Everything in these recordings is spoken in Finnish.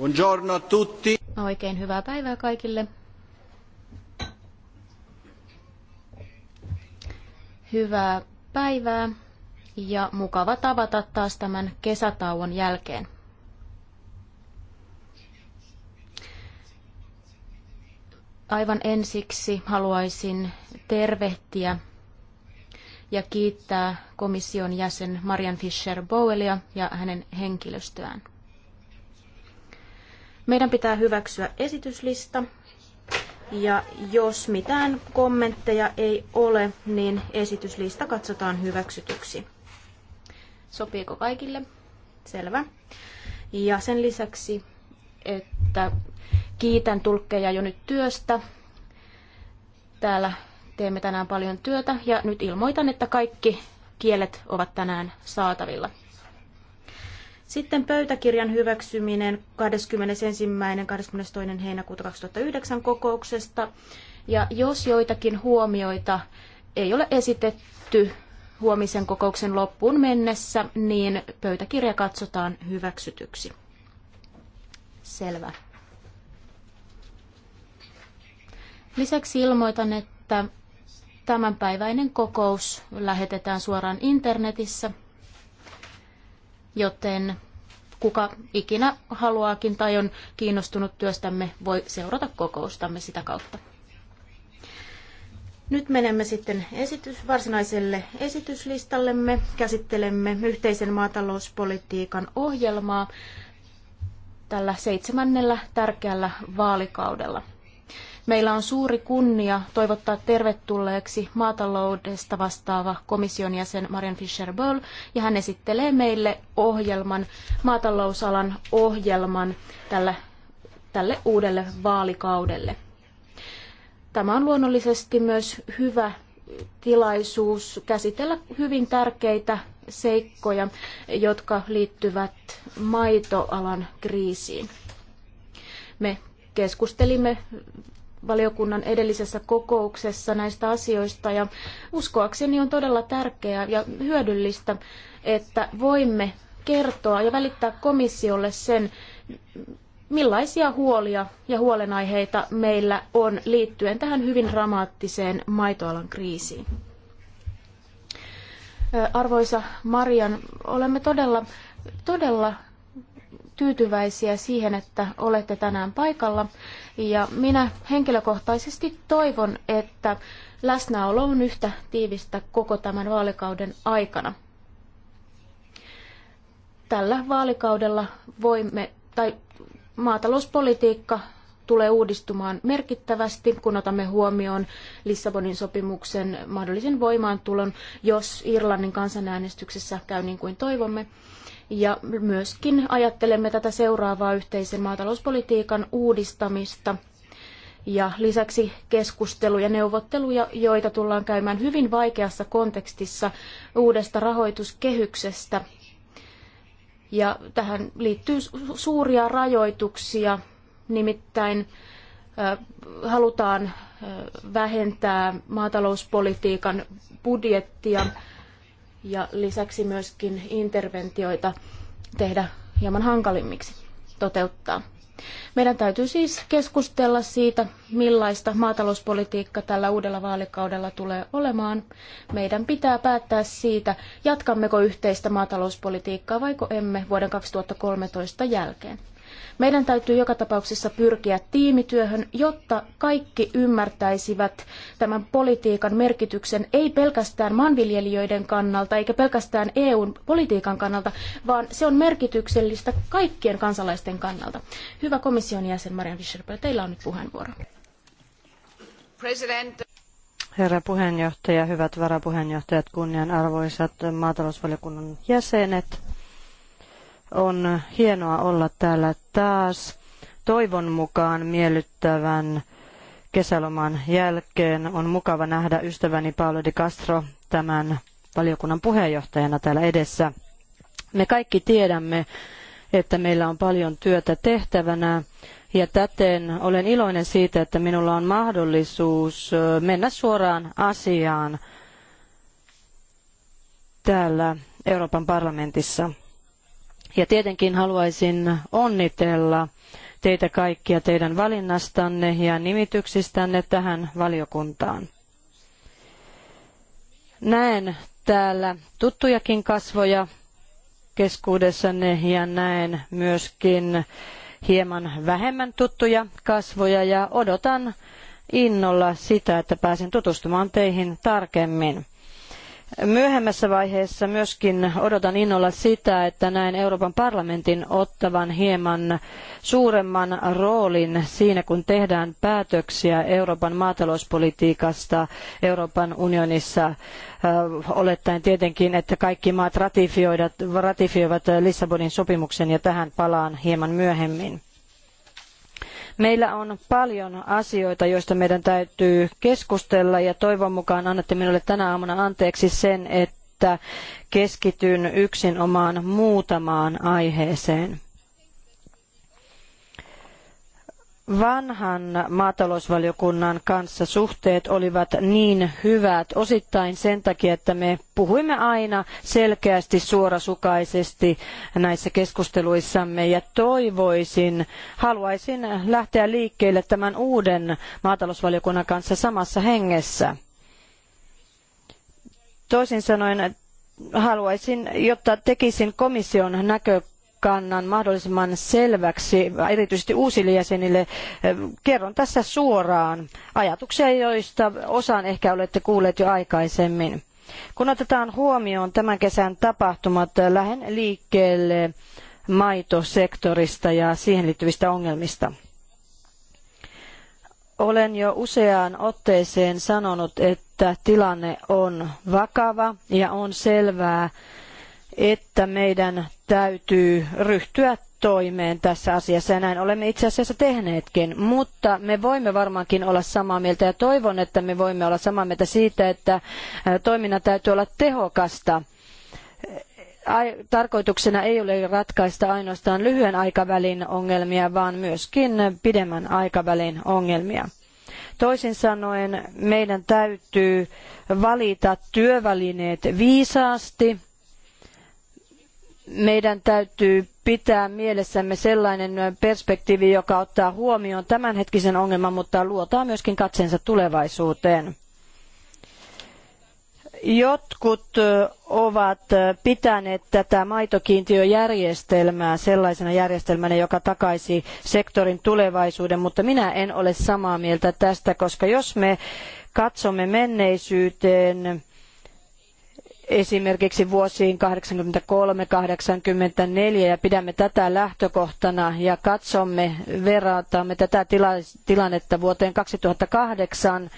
Buongiorno a tutti. No, oikein hyvää päivää kaikille. Hyvää päivää ja mukava tavata taas tämän kesätauon jälkeen. Aivan ensiksi haluaisin tervehtiä ja kiittää komission jäsen Marian Fischer-Bowelia ja hänen henkilöstöään. Meidän pitää hyväksyä esityslista. Ja jos mitään kommentteja ei ole, niin esityslista katsotaan hyväksytyksi. Sopiiko kaikille? Selvä. Ja sen lisäksi, että kiitän tulkkeja jo nyt työstä. Täällä teemme tänään paljon työtä ja nyt ilmoitan, että kaikki kielet ovat tänään saatavilla. Sitten pöytäkirjan hyväksyminen 21. 22. heinäkuuta 2009 kokouksesta. Ja jos joitakin huomioita ei ole esitetty huomisen kokouksen loppuun mennessä, niin pöytäkirja katsotaan hyväksytyksi. Selvä. Lisäksi ilmoitan, että tämänpäiväinen kokous lähetetään suoraan internetissä joten kuka ikinä haluaakin tai on kiinnostunut työstämme, voi seurata kokoustamme sitä kautta. Nyt menemme sitten esitys, varsinaiselle esityslistallemme. Käsittelemme yhteisen maatalouspolitiikan ohjelmaa tällä seitsemännellä tärkeällä vaalikaudella. Meillä on suuri kunnia toivottaa tervetulleeksi maataloudesta vastaava komission jäsen Marian Fischer-Böll, ja hän esittelee meille ohjelman, maatalousalan ohjelman tälle, tälle uudelle vaalikaudelle. Tämä on luonnollisesti myös hyvä tilaisuus käsitellä hyvin tärkeitä seikkoja, jotka liittyvät maitoalan kriisiin. Me keskustelimme valiokunnan edellisessä kokouksessa näistä asioista ja uskoakseni on todella tärkeää ja hyödyllistä, että voimme kertoa ja välittää komissiolle sen, millaisia huolia ja huolenaiheita meillä on liittyen tähän hyvin dramaattiseen maitoalan kriisiin. Arvoisa Marian, olemme todella, todella tyytyväisiä siihen, että olette tänään paikalla. Ja minä henkilökohtaisesti toivon, että läsnäolo on yhtä tiivistä koko tämän vaalikauden aikana. Tällä vaalikaudella voimme, tai maatalouspolitiikka tulee uudistumaan merkittävästi, kun otamme huomioon Lissabonin sopimuksen mahdollisen voimaantulon, jos Irlannin kansanäänestyksessä käy niin kuin toivomme ja myöskin ajattelemme tätä seuraavaa yhteisen maatalouspolitiikan uudistamista ja lisäksi keskusteluja, neuvotteluja, joita tullaan käymään hyvin vaikeassa kontekstissa uudesta rahoituskehyksestä. Ja tähän liittyy suuria rajoituksia, nimittäin halutaan vähentää maatalouspolitiikan budjettia ja lisäksi myöskin interventioita tehdä hieman hankalimmiksi toteuttaa. Meidän täytyy siis keskustella siitä, millaista maatalouspolitiikka tällä uudella vaalikaudella tulee olemaan. Meidän pitää päättää siitä, jatkammeko yhteistä maatalouspolitiikkaa vaiko emme vuoden 2013 jälkeen. Meidän täytyy joka tapauksessa pyrkiä tiimityöhön, jotta kaikki ymmärtäisivät tämän politiikan merkityksen ei pelkästään maanviljelijöiden kannalta eikä pelkästään EUn politiikan kannalta, vaan se on merkityksellistä kaikkien kansalaisten kannalta. Hyvä komission jäsen Marian Fischerberg, teillä on nyt puheenvuoro. President. Herra puheenjohtaja, hyvät varapuheenjohtajat, kunnianarvoisat maatalousvaliokunnan jäsenet. On hienoa olla täällä taas toivon mukaan miellyttävän kesäloman jälkeen. On mukava nähdä ystäväni Paolo de Castro tämän valiokunnan puheenjohtajana täällä edessä. Me kaikki tiedämme, että meillä on paljon työtä tehtävänä ja täten olen iloinen siitä, että minulla on mahdollisuus mennä suoraan asiaan täällä Euroopan parlamentissa. Ja tietenkin haluaisin onnitella teitä kaikkia teidän valinnastanne ja nimityksistänne tähän valiokuntaan. Näen täällä tuttujakin kasvoja keskuudessanne ja näen myöskin hieman vähemmän tuttuja kasvoja ja odotan innolla sitä, että pääsen tutustumaan teihin tarkemmin. Myöhemmässä vaiheessa myöskin odotan innolla sitä, että näen Euroopan parlamentin ottavan hieman suuremman roolin siinä, kun tehdään päätöksiä Euroopan maatalouspolitiikasta Euroopan unionissa, olettaen tietenkin, että kaikki maat ratifioivat Lissabonin sopimuksen ja tähän palaan hieman myöhemmin. Meillä on paljon asioita, joista meidän täytyy keskustella ja toivon mukaan annatte minulle tänä aamuna anteeksi sen, että keskityn yksin omaan muutamaan aiheeseen. vanhan maatalousvaliokunnan kanssa suhteet olivat niin hyvät osittain sen takia, että me puhuimme aina selkeästi suorasukaisesti näissä keskusteluissamme ja toivoisin, haluaisin lähteä liikkeelle tämän uuden maatalousvaliokunnan kanssa samassa hengessä. Toisin sanoen haluaisin, jotta tekisin komission näkökulmasta kannan mahdollisimman selväksi, erityisesti uusille jäsenille. Kerron tässä suoraan ajatuksia, joista osaan ehkä olette kuulleet jo aikaisemmin. Kun otetaan huomioon tämän kesän tapahtumat, lähden liikkeelle maitosektorista ja siihen liittyvistä ongelmista. Olen jo useaan otteeseen sanonut, että tilanne on vakava ja on selvää, että meidän täytyy ryhtyä toimeen tässä asiassa ja näin olemme itse asiassa tehneetkin, mutta me voimme varmaankin olla samaa mieltä ja toivon, että me voimme olla samaa mieltä siitä, että toiminnan täytyy olla tehokasta tarkoituksena ei ole ratkaista ainoastaan lyhyen aikavälin ongelmia, vaan myöskin pidemmän aikavälin ongelmia. Toisin sanoen meidän täytyy valita työvälineet viisaasti meidän täytyy pitää mielessämme sellainen perspektiivi, joka ottaa huomioon tämänhetkisen ongelman, mutta luotaa myöskin katseensa tulevaisuuteen. Jotkut ovat pitäneet tätä maitokiintiöjärjestelmää sellaisena järjestelmänä, joka takaisi sektorin tulevaisuuden, mutta minä en ole samaa mieltä tästä, koska jos me katsomme menneisyyteen, esimerkiksi vuosiin 83-84 ja pidämme tätä lähtökohtana ja katsomme, verrataamme tätä tilannetta vuoteen 2008,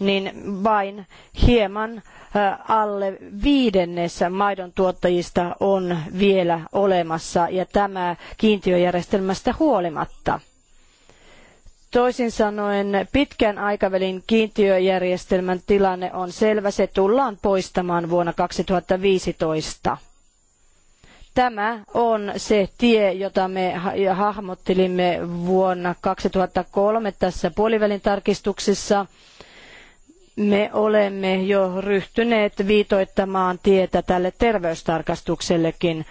niin vain hieman alle viidennes maidon tuottajista on vielä olemassa ja tämä kiintiöjärjestelmästä huolimatta. Toisin sanoen pitkän aikavälin kiintiöjärjestelmän tilanne on selvä. Se tullaan poistamaan vuonna 2015. Tämä on se tie, jota me hahmottelimme vuonna 2003 tässä puolivälin tarkistuksessa. Me olemme jo ryhtyneet viitoittamaan tietä tälle terveystarkastuksellekin.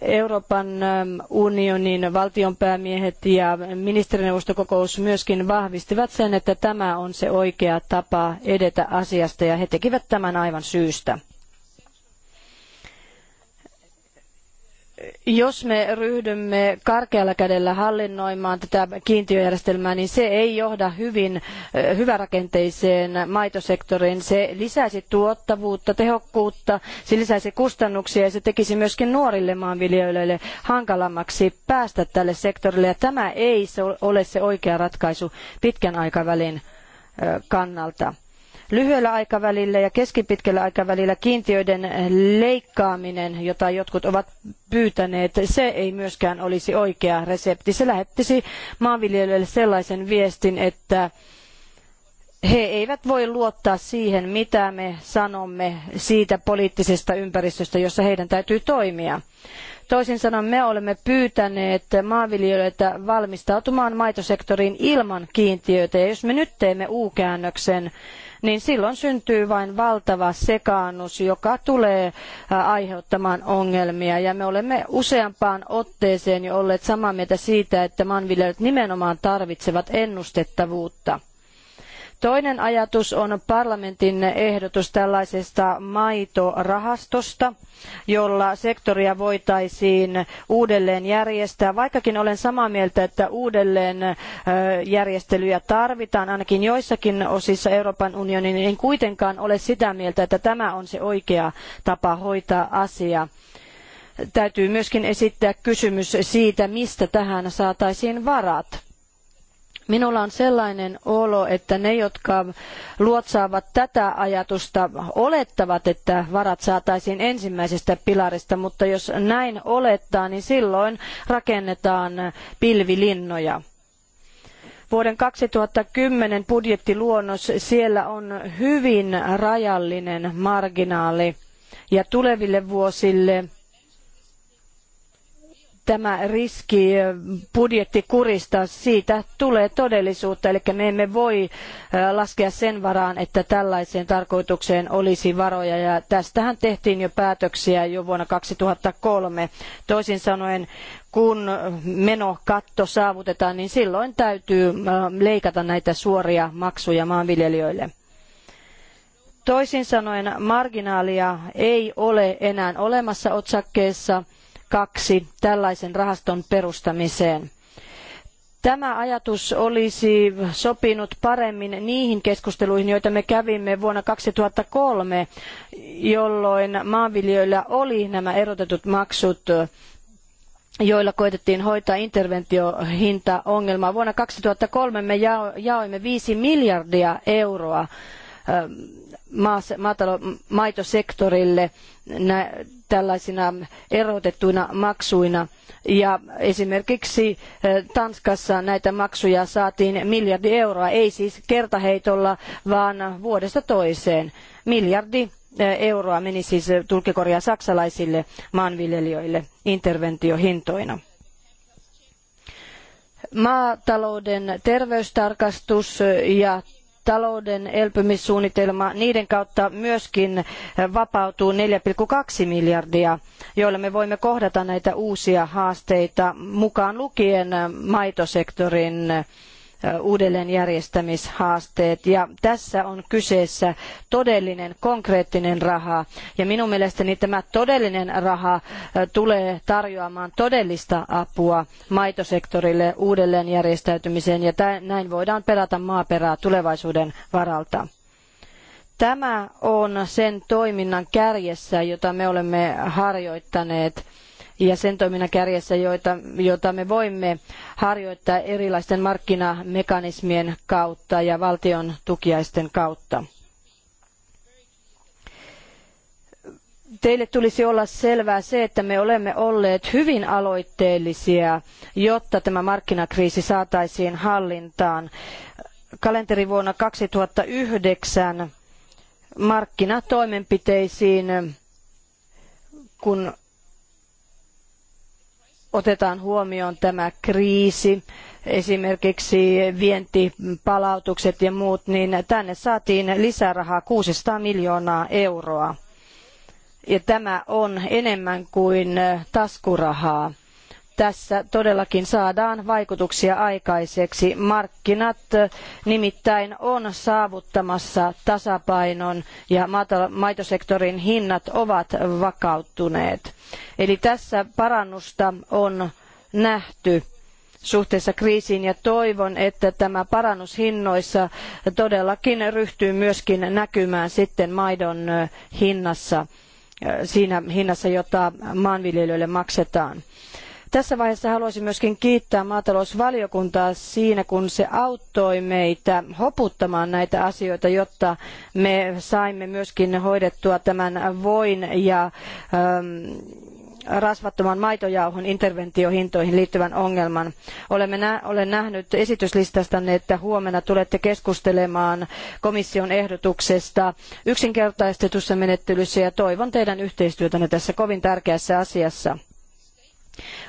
Euroopan ähm, unionin valtionpäämiehet ja ministerineuvostokokous myöskin vahvistivat sen, että tämä on se oikea tapa edetä asiasta ja he tekivät tämän aivan syystä. jos me ryhdymme karkealla kädellä hallinnoimaan tätä kiintiöjärjestelmää, niin se ei johda hyvin hyvärakenteiseen maitosektoriin. Se lisäisi tuottavuutta, tehokkuutta, se lisäisi kustannuksia ja se tekisi myöskin nuorille maanviljelijöille hankalammaksi päästä tälle sektorille. Ja tämä ei ole se oikea ratkaisu pitkän aikavälin kannalta lyhyellä aikavälillä ja keskipitkällä aikavälillä kiintiöiden leikkaaminen, jota jotkut ovat pyytäneet, se ei myöskään olisi oikea resepti. Se lähettisi maanviljelijöille sellaisen viestin, että he eivät voi luottaa siihen, mitä me sanomme siitä poliittisesta ympäristöstä, jossa heidän täytyy toimia. Toisin sanoen me olemme pyytäneet maanviljelijöitä valmistautumaan maitosektoriin ilman kiintiöitä. Ja jos me nyt teemme U-käännöksen, niin silloin syntyy vain valtava sekaannus, joka tulee aiheuttamaan ongelmia. Ja me olemme useampaan otteeseen jo olleet samaa mieltä siitä, että maanviljelijät nimenomaan tarvitsevat ennustettavuutta. Toinen ajatus on parlamentin ehdotus tällaisesta maitorahastosta, jolla sektoria voitaisiin uudelleen järjestää. Vaikkakin olen samaa mieltä, että uudelleen järjestelyjä tarvitaan ainakin joissakin osissa Euroopan unionin, niin en kuitenkaan ole sitä mieltä, että tämä on se oikea tapa hoitaa asia täytyy myöskin esittää kysymys siitä, mistä tähän saataisiin varat. Minulla on sellainen olo, että ne, jotka luotsaavat tätä ajatusta, olettavat, että varat saataisiin ensimmäisestä pilarista, mutta jos näin olettaa, niin silloin rakennetaan pilvilinnoja vuoden 2010 budjettiluonnos, siellä on hyvin rajallinen marginaali ja tuleville vuosille tämä riski eh, budjettikurista, siitä tulee todellisuutta, eli me emme voi eh, laskea sen varaan, että tällaiseen tarkoitukseen olisi varoja, ja tästähän tehtiin jo päätöksiä jo vuonna 2003. Toisin sanoen, kun menokatto saavutetaan, niin silloin täytyy eh, leikata näitä suoria maksuja maanviljelijöille. Toisin sanoen marginaalia ei ole enää olemassa otsakkeessa – kaksi tällaisen rahaston perustamiseen. Tämä ajatus olisi sopinut paremmin niihin keskusteluihin, joita me kävimme vuonna 2003, jolloin maanviljelijöillä oli nämä erotetut maksut joilla koitettiin hoitaa interventiohintaongelmaa. Vuonna 2003 me jaoimme 5 miljardia euroa maitosektorille tällaisina erotettuina maksuina. Ja esimerkiksi eh, Tanskassa näitä maksuja saatiin miljardi euroa, ei siis kertaheitolla, vaan vuodesta toiseen. Miljardi eh, euroa meni siis eh, tulkikorjaa saksalaisille maanviljelijöille interventiohintoina maatalouden terveystarkastus ja talouden elpymissuunnitelma, niiden kautta myöskin vapautuu 4,2 miljardia, joilla me voimme kohdata näitä uusia haasteita mukaan lukien maitosektorin uudelleenjärjestämishaasteet. Ja tässä on kyseessä todellinen, konkreettinen raha. Ja minun mielestäni tämä todellinen raha tulee tarjoamaan todellista apua maitosektorille uudelleenjärjestäytymiseen ja näin voidaan pelata maaperää tulevaisuuden varalta. Tämä on sen toiminnan kärjessä, jota me olemme harjoittaneet ja sen toiminnan kärjessä, joita, jota me voimme harjoittaa erilaisten markkinamekanismien kautta ja valtion tukiaisten kautta. teille tulisi olla selvää se, että me olemme olleet hyvin aloitteellisia, jotta tämä markkinakriisi saataisiin hallintaan. Kalenterivuonna 2009 markkinatoimenpiteisiin, kun otetaan huomioon tämä kriisi, esimerkiksi vientipalautukset ja muut, niin tänne saatiin lisärahaa 600 miljoonaa euroa. Ja tämä on enemmän kuin taskurahaa tässä todellakin saadaan vaikutuksia aikaiseksi. Markkinat nimittäin on saavuttamassa tasapainon ja maitosektorin hinnat ovat vakautuneet. Eli tässä parannusta on nähty suhteessa kriisiin ja toivon, että tämä parannus hinnoissa todellakin ryhtyy myöskin näkymään sitten maidon hinnassa, siinä hinnassa, jota maanviljelijöille maksetaan. Tässä vaiheessa haluaisin myöskin kiittää maatalousvaliokuntaa siinä, kun se auttoi meitä hoputtamaan näitä asioita, jotta me saimme myöskin hoidettua tämän voin ja ähm, rasvattoman maitojauhon interventiohintoihin liittyvän ongelman. olen nähnyt esityslistastanne, että huomenna tulette keskustelemaan komission ehdotuksesta yksinkertaistetussa menettelyssä ja toivon teidän yhteistyötänne tässä kovin tärkeässä asiassa.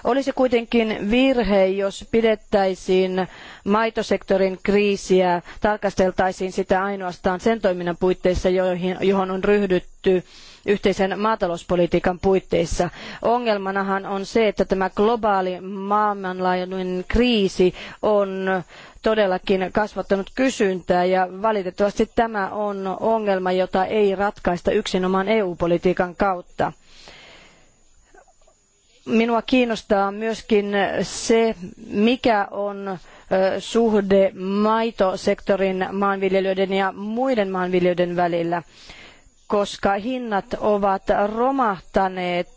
Olisi kuitenkin virhe, jos pidettäisiin maitosektorin kriisiä, tarkasteltaisiin sitä ainoastaan sen toiminnan puitteissa, joihin, johon on ryhdytty yhteisen maatalouspolitiikan puitteissa. Ongelmanahan on se, että tämä globaali maailmanlaajuinen kriisi on todellakin kasvattanut kysyntää ja valitettavasti tämä on ongelma, jota ei ratkaista yksinomaan EU-politiikan kautta. Minua kiinnostaa myöskin se, mikä on suhde maitosektorin maanviljelijöiden ja muiden maanviljelijöiden välillä, koska hinnat ovat romahtaneet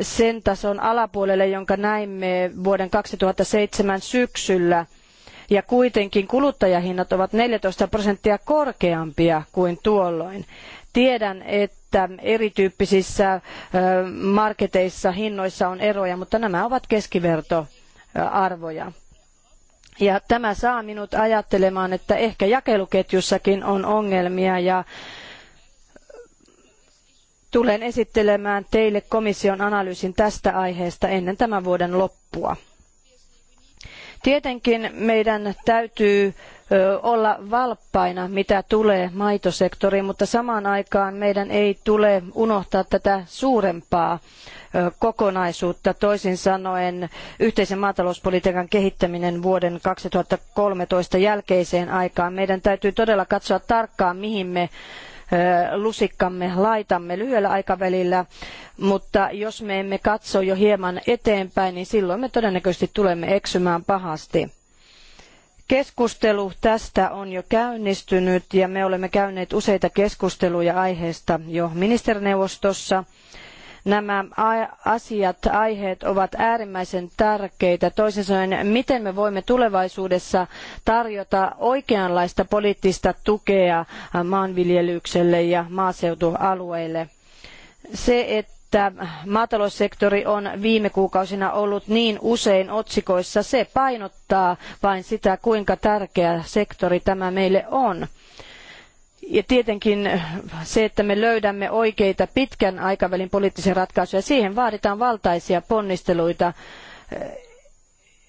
sen tason alapuolelle, jonka näimme vuoden 2007 syksyllä. Ja kuitenkin kuluttajahinnat ovat 14 prosenttia korkeampia kuin tuolloin. Tiedän, että erityyppisissä marketeissa hinnoissa on eroja, mutta nämä ovat keskivertoarvoja. Ja tämä saa minut ajattelemaan, että ehkä jakeluketjussakin on ongelmia ja tulen esittelemään teille komission analyysin tästä aiheesta ennen tämän vuoden loppua. Tietenkin meidän täytyy olla valppaina, mitä tulee maitosektoriin, mutta samaan aikaan meidän ei tule unohtaa tätä suurempaa kokonaisuutta. Toisin sanoen yhteisen maatalouspolitiikan kehittäminen vuoden 2013 jälkeiseen aikaan. Meidän täytyy todella katsoa tarkkaan, mihin me lusikkamme laitamme lyhyellä aikavälillä, mutta jos me emme katso jo hieman eteenpäin, niin silloin me todennäköisesti tulemme eksymään pahasti. Keskustelu tästä on jo käynnistynyt ja me olemme käyneet useita keskusteluja aiheesta jo ministerineuvostossa. Nämä asiat, aiheet ovat äärimmäisen tärkeitä. Toisin sanoen, miten me voimme tulevaisuudessa tarjota oikeanlaista poliittista tukea maanviljelykselle ja maaseutualueille. Se, että että maataloussektori on viime kuukausina ollut niin usein otsikoissa. Se painottaa vain sitä, kuinka tärkeä sektori tämä meille on. Ja tietenkin se, että me löydämme oikeita pitkän aikavälin poliittisia ratkaisuja, siihen vaaditaan valtaisia ponnisteluita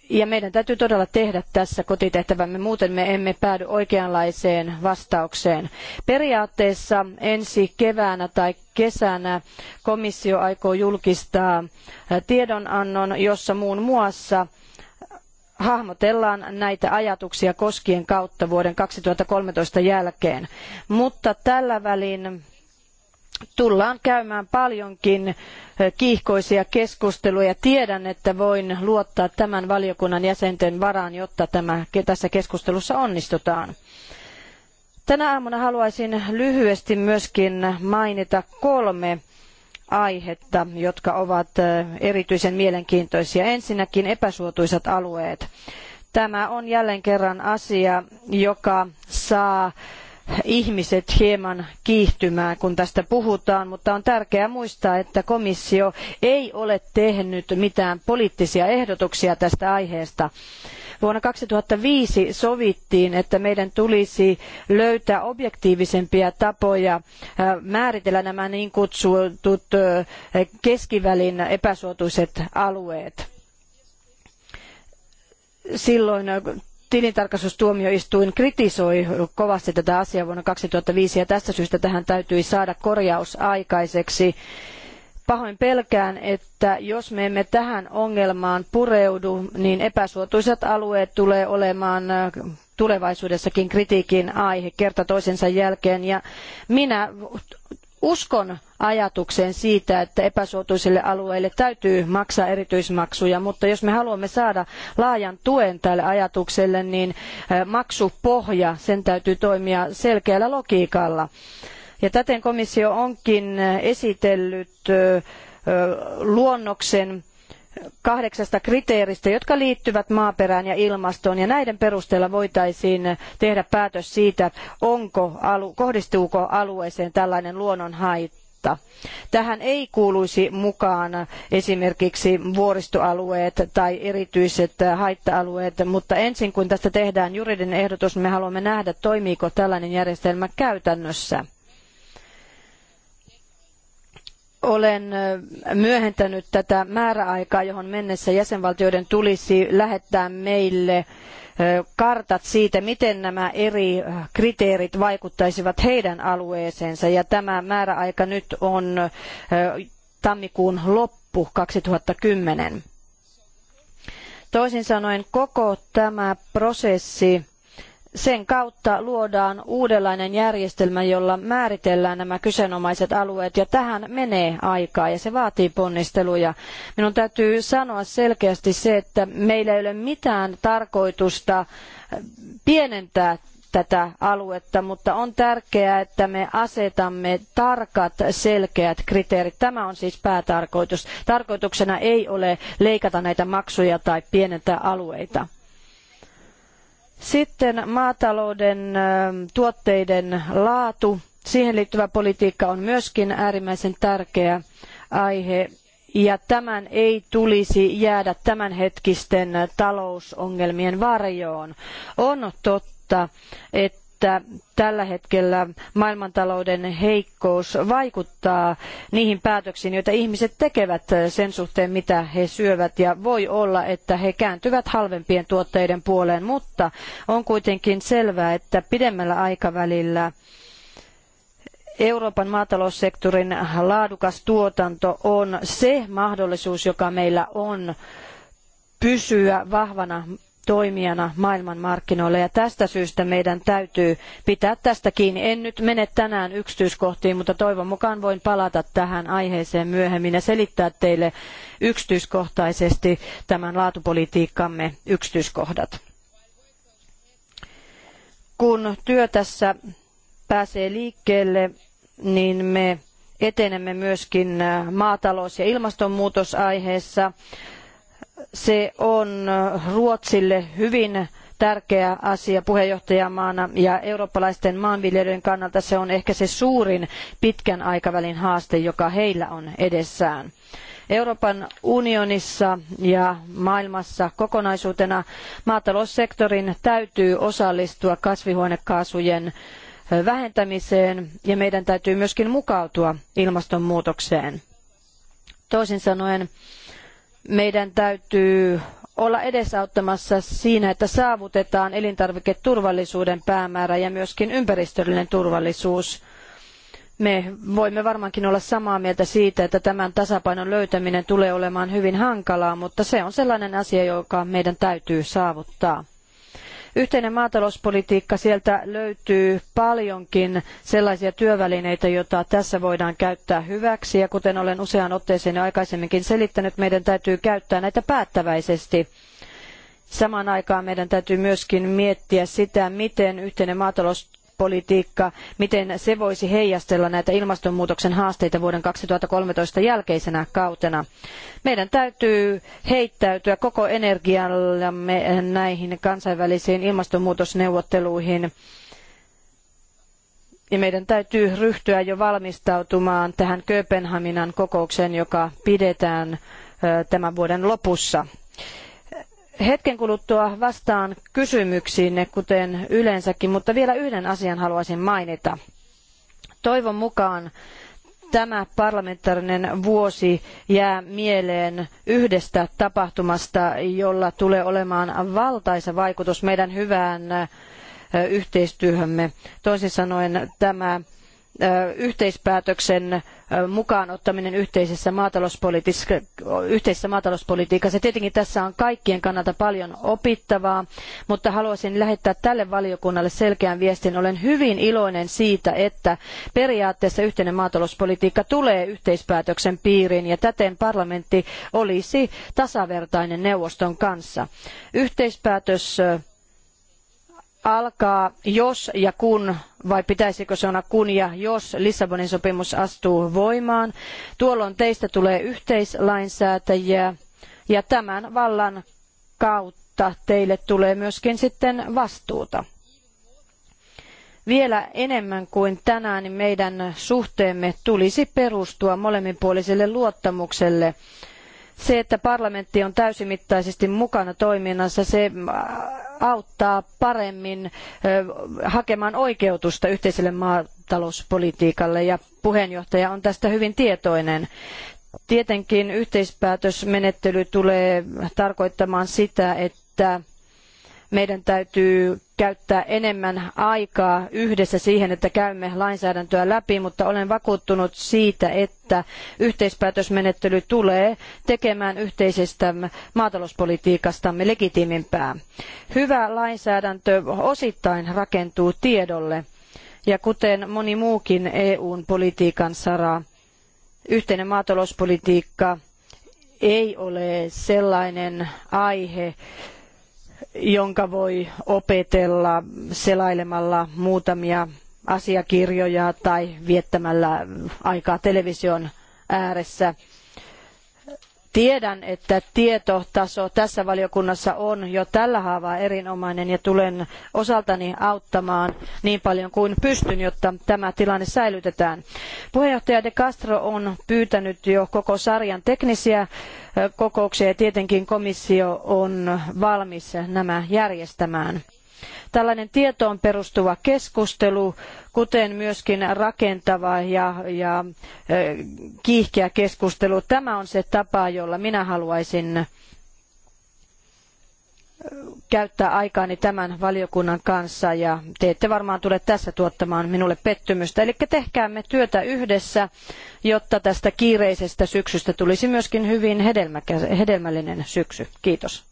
ja meidän täytyy todella tehdä tässä kotitehtävämme, muuten me emme päädy oikeanlaiseen vastaukseen. Periaatteessa ensi keväänä tai kesänä komissio aikoo julkistaa tiedonannon, jossa muun muassa hahmotellaan näitä ajatuksia koskien kautta vuoden 2013 jälkeen. Mutta tällä välin tullaan käymään paljonkin eh, kiihkoisia keskusteluja. Tiedän, että voin luottaa tämän valiokunnan jäsenten varaan, jotta tämä, tässä keskustelussa onnistutaan. Tänä aamuna haluaisin lyhyesti myöskin mainita kolme aihetta, jotka ovat eh, erityisen mielenkiintoisia. Ensinnäkin epäsuotuisat alueet. Tämä on jälleen kerran asia, joka saa ihmiset hieman kiihtymään, kun tästä puhutaan, mutta on tärkeää muistaa, että komissio ei ole tehnyt mitään poliittisia ehdotuksia tästä aiheesta. Vuonna 2005 sovittiin, että meidän tulisi löytää objektiivisempia tapoja äh, määritellä nämä niin kutsutut äh, keskivälin epäsuotuiset alueet silloin tilintarkastustuomioistuin kritisoi kovasti tätä asiaa vuonna 2005 ja tästä syystä tähän täytyi saada korjaus aikaiseksi. Pahoin pelkään, että jos me emme tähän ongelmaan pureudu, niin epäsuotuisat alueet tulee olemaan äh, tulevaisuudessakin kritiikin aihe kerta toisensa jälkeen. Ja minä Uskon ajatukseen siitä, että epäsuotuisille alueille täytyy maksaa erityismaksuja, mutta jos me haluamme saada laajan tuen tälle ajatukselle, niin maksupohja, sen täytyy toimia selkeällä logiikalla. Ja täten komissio onkin esitellyt luonnoksen kahdeksasta kriteeristä, jotka liittyvät maaperään ja ilmastoon, ja näiden perusteella voitaisiin tehdä päätös siitä, onko, kohdistuuko alueeseen tällainen luonnonhaitta Tähän ei kuuluisi mukaan esimerkiksi vuoristoalueet tai erityiset haitta-alueet, mutta ensin kun tästä tehdään juridinen ehdotus, me haluamme nähdä, toimiiko tällainen järjestelmä käytännössä. olen myöhentänyt tätä määräaikaa, johon mennessä jäsenvaltioiden tulisi lähettää meille kartat siitä, miten nämä eri kriteerit vaikuttaisivat heidän alueeseensa. Ja tämä määräaika nyt on tammikuun loppu 2010. Toisin sanoen koko tämä prosessi sen kautta luodaan uudenlainen järjestelmä, jolla määritellään nämä kyseenomaiset alueet ja tähän menee aikaa ja se vaatii ponnisteluja. Minun täytyy sanoa selkeästi se, että meillä ei ole mitään tarkoitusta äh, pienentää tätä aluetta, mutta on tärkeää, että me asetamme tarkat, selkeät kriteerit. Tämä on siis päätarkoitus. Tarkoituksena ei ole leikata näitä maksuja tai pienentää alueita. Sitten maatalouden tuotteiden laatu. Siihen liittyvä politiikka on myöskin äärimmäisen tärkeä aihe ja tämän ei tulisi jäädä tämänhetkisten talousongelmien varjoon. On totta, että että tällä hetkellä maailmantalouden heikkous vaikuttaa niihin päätöksiin, joita ihmiset tekevät sen suhteen, mitä he syövät. Ja voi olla, että he kääntyvät halvempien tuotteiden puoleen, mutta on kuitenkin selvää, että pidemmällä aikavälillä Euroopan maataloussektorin laadukas tuotanto on se mahdollisuus, joka meillä on pysyä vahvana toimijana maailmanmarkkinoilla ja tästä syystä meidän täytyy pitää tästä kiinni. En nyt mene tänään yksityiskohtiin, mutta toivon mukaan voin palata tähän aiheeseen myöhemmin ja selittää teille yksityiskohtaisesti tämän laatupolitiikkamme yksityiskohdat. Kun työ tässä pääsee liikkeelle, niin me etenemme myöskin maatalous- ja ilmastonmuutosaiheessa. aiheessa se on äh, Ruotsille hyvin tärkeä asia puheenjohtajamaana ja eurooppalaisten maanviljelijöiden kannalta se on ehkä se suurin pitkän aikavälin haaste, joka heillä on edessään. Euroopan unionissa ja maailmassa kokonaisuutena maataloussektorin täytyy osallistua kasvihuonekaasujen äh, vähentämiseen ja meidän täytyy myöskin mukautua ilmastonmuutokseen. Toisin sanoen meidän täytyy olla edesauttamassa siinä, että saavutetaan elintarviketurvallisuuden päämäärä ja myöskin ympäristöllinen turvallisuus. Me voimme varmaankin olla samaa mieltä siitä, että tämän tasapainon löytäminen tulee olemaan hyvin hankalaa, mutta se on sellainen asia, joka meidän täytyy saavuttaa. Yhteinen maatalouspolitiikka sieltä löytyy paljonkin sellaisia työvälineitä, joita tässä voidaan käyttää hyväksi. Ja kuten olen useaan otteeseen jo aikaisemminkin selittänyt, meidän täytyy käyttää näitä päättäväisesti. Samaan aikaan meidän täytyy myöskin miettiä sitä, miten yhteinen maatalous politiikka, miten se voisi heijastella näitä ilmastonmuutoksen haasteita vuoden 2013 jälkeisenä kautena. Meidän täytyy heittäytyä koko energiallamme näihin kansainvälisiin ilmastonmuutosneuvotteluihin ja meidän täytyy ryhtyä jo valmistautumaan tähän Kööpenhaminan kokoukseen, joka pidetään tämän vuoden lopussa hetken kuluttua vastaan kysymyksiinne, kuten yleensäkin, mutta vielä yhden asian haluaisin mainita. Toivon mukaan tämä parlamentaarinen vuosi jää mieleen yhdestä tapahtumasta, jolla tulee olemaan valtaisa vaikutus meidän hyvään yhteistyöhömme. Toisin sanoen tämä yhteispäätöksen mukaan ottaminen yhteisessä, maatalouspolitiikassa, yhteisessä maatalouspolitiikassa. Tietenkin tässä on kaikkien kannalta paljon opittavaa, mutta haluaisin lähettää tälle valiokunnalle selkeän viestin. Olen hyvin iloinen siitä, että periaatteessa yhteinen maatalouspolitiikka tulee yhteispäätöksen piiriin ja täten parlamentti olisi tasavertainen neuvoston kanssa. Yhteispäätös alkaa, jos ja kun, vai pitäisikö se olla kun ja jos Lissabonin sopimus astuu voimaan. Tuolloin teistä tulee yhteislainsäätäjiä ja tämän vallan kautta teille tulee myöskin sitten vastuuta. Vielä enemmän kuin tänään meidän suhteemme tulisi perustua molemminpuoliselle luottamukselle se, että parlamentti on täysimittaisesti mukana toiminnassa, se äh, auttaa paremmin äh, hakemaan oikeutusta yhteiselle maatalouspolitiikalle ja puheenjohtaja on tästä hyvin tietoinen. Tietenkin yhteispäätösmenettely tulee tarkoittamaan sitä, että meidän täytyy käyttää enemmän aikaa yhdessä siihen, että käymme lainsäädäntöä läpi, mutta olen vakuuttunut siitä, että yhteispäätösmenettely tulee tekemään yhteisestä maatalouspolitiikastamme legitiimimpää. Hyvä lainsäädäntö osittain rakentuu tiedolle ja kuten moni muukin EUn politiikan sara, yhteinen maatalouspolitiikka ei ole sellainen aihe, jonka voi opetella selailemalla muutamia asiakirjoja tai viettämällä aikaa television ääressä Tiedän, että tietotaso tässä valiokunnassa on jo tällä haavaa erinomainen ja tulen osaltani auttamaan niin paljon kuin pystyn, jotta tämä tilanne säilytetään. Puheenjohtaja De Castro on pyytänyt jo koko sarjan teknisiä kokouksia ja tietenkin komissio on valmis nämä järjestämään. Tällainen tietoon perustuva keskustelu, kuten myöskin rakentava ja, ja kiihkeä keskustelu, tämä on se tapa, jolla minä haluaisin käyttää aikaani tämän valiokunnan kanssa ja te ette varmaan tule tässä tuottamaan minulle pettymystä. Eli tehkäämme työtä yhdessä, jotta tästä kiireisestä syksystä tulisi myöskin hyvin hedelmällinen syksy. Kiitos.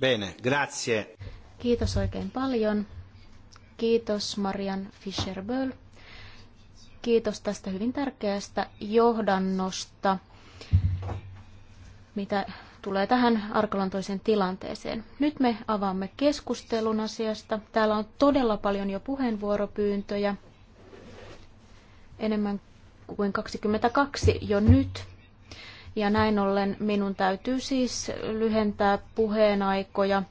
Bene, grazie. Kiitos oikein paljon. Kiitos Marian Fischer-Böll. Kiitos tästä hyvin tärkeästä johdannosta, mitä tulee tähän arkalantoiseen tilanteeseen. Nyt me avaamme keskustelun asiasta. Täällä on todella paljon jo puheenvuoropyyntöjä, enemmän kuin 22 jo nyt. Ja näin ollen minun täytyy siis lyhentää puheenaikoja,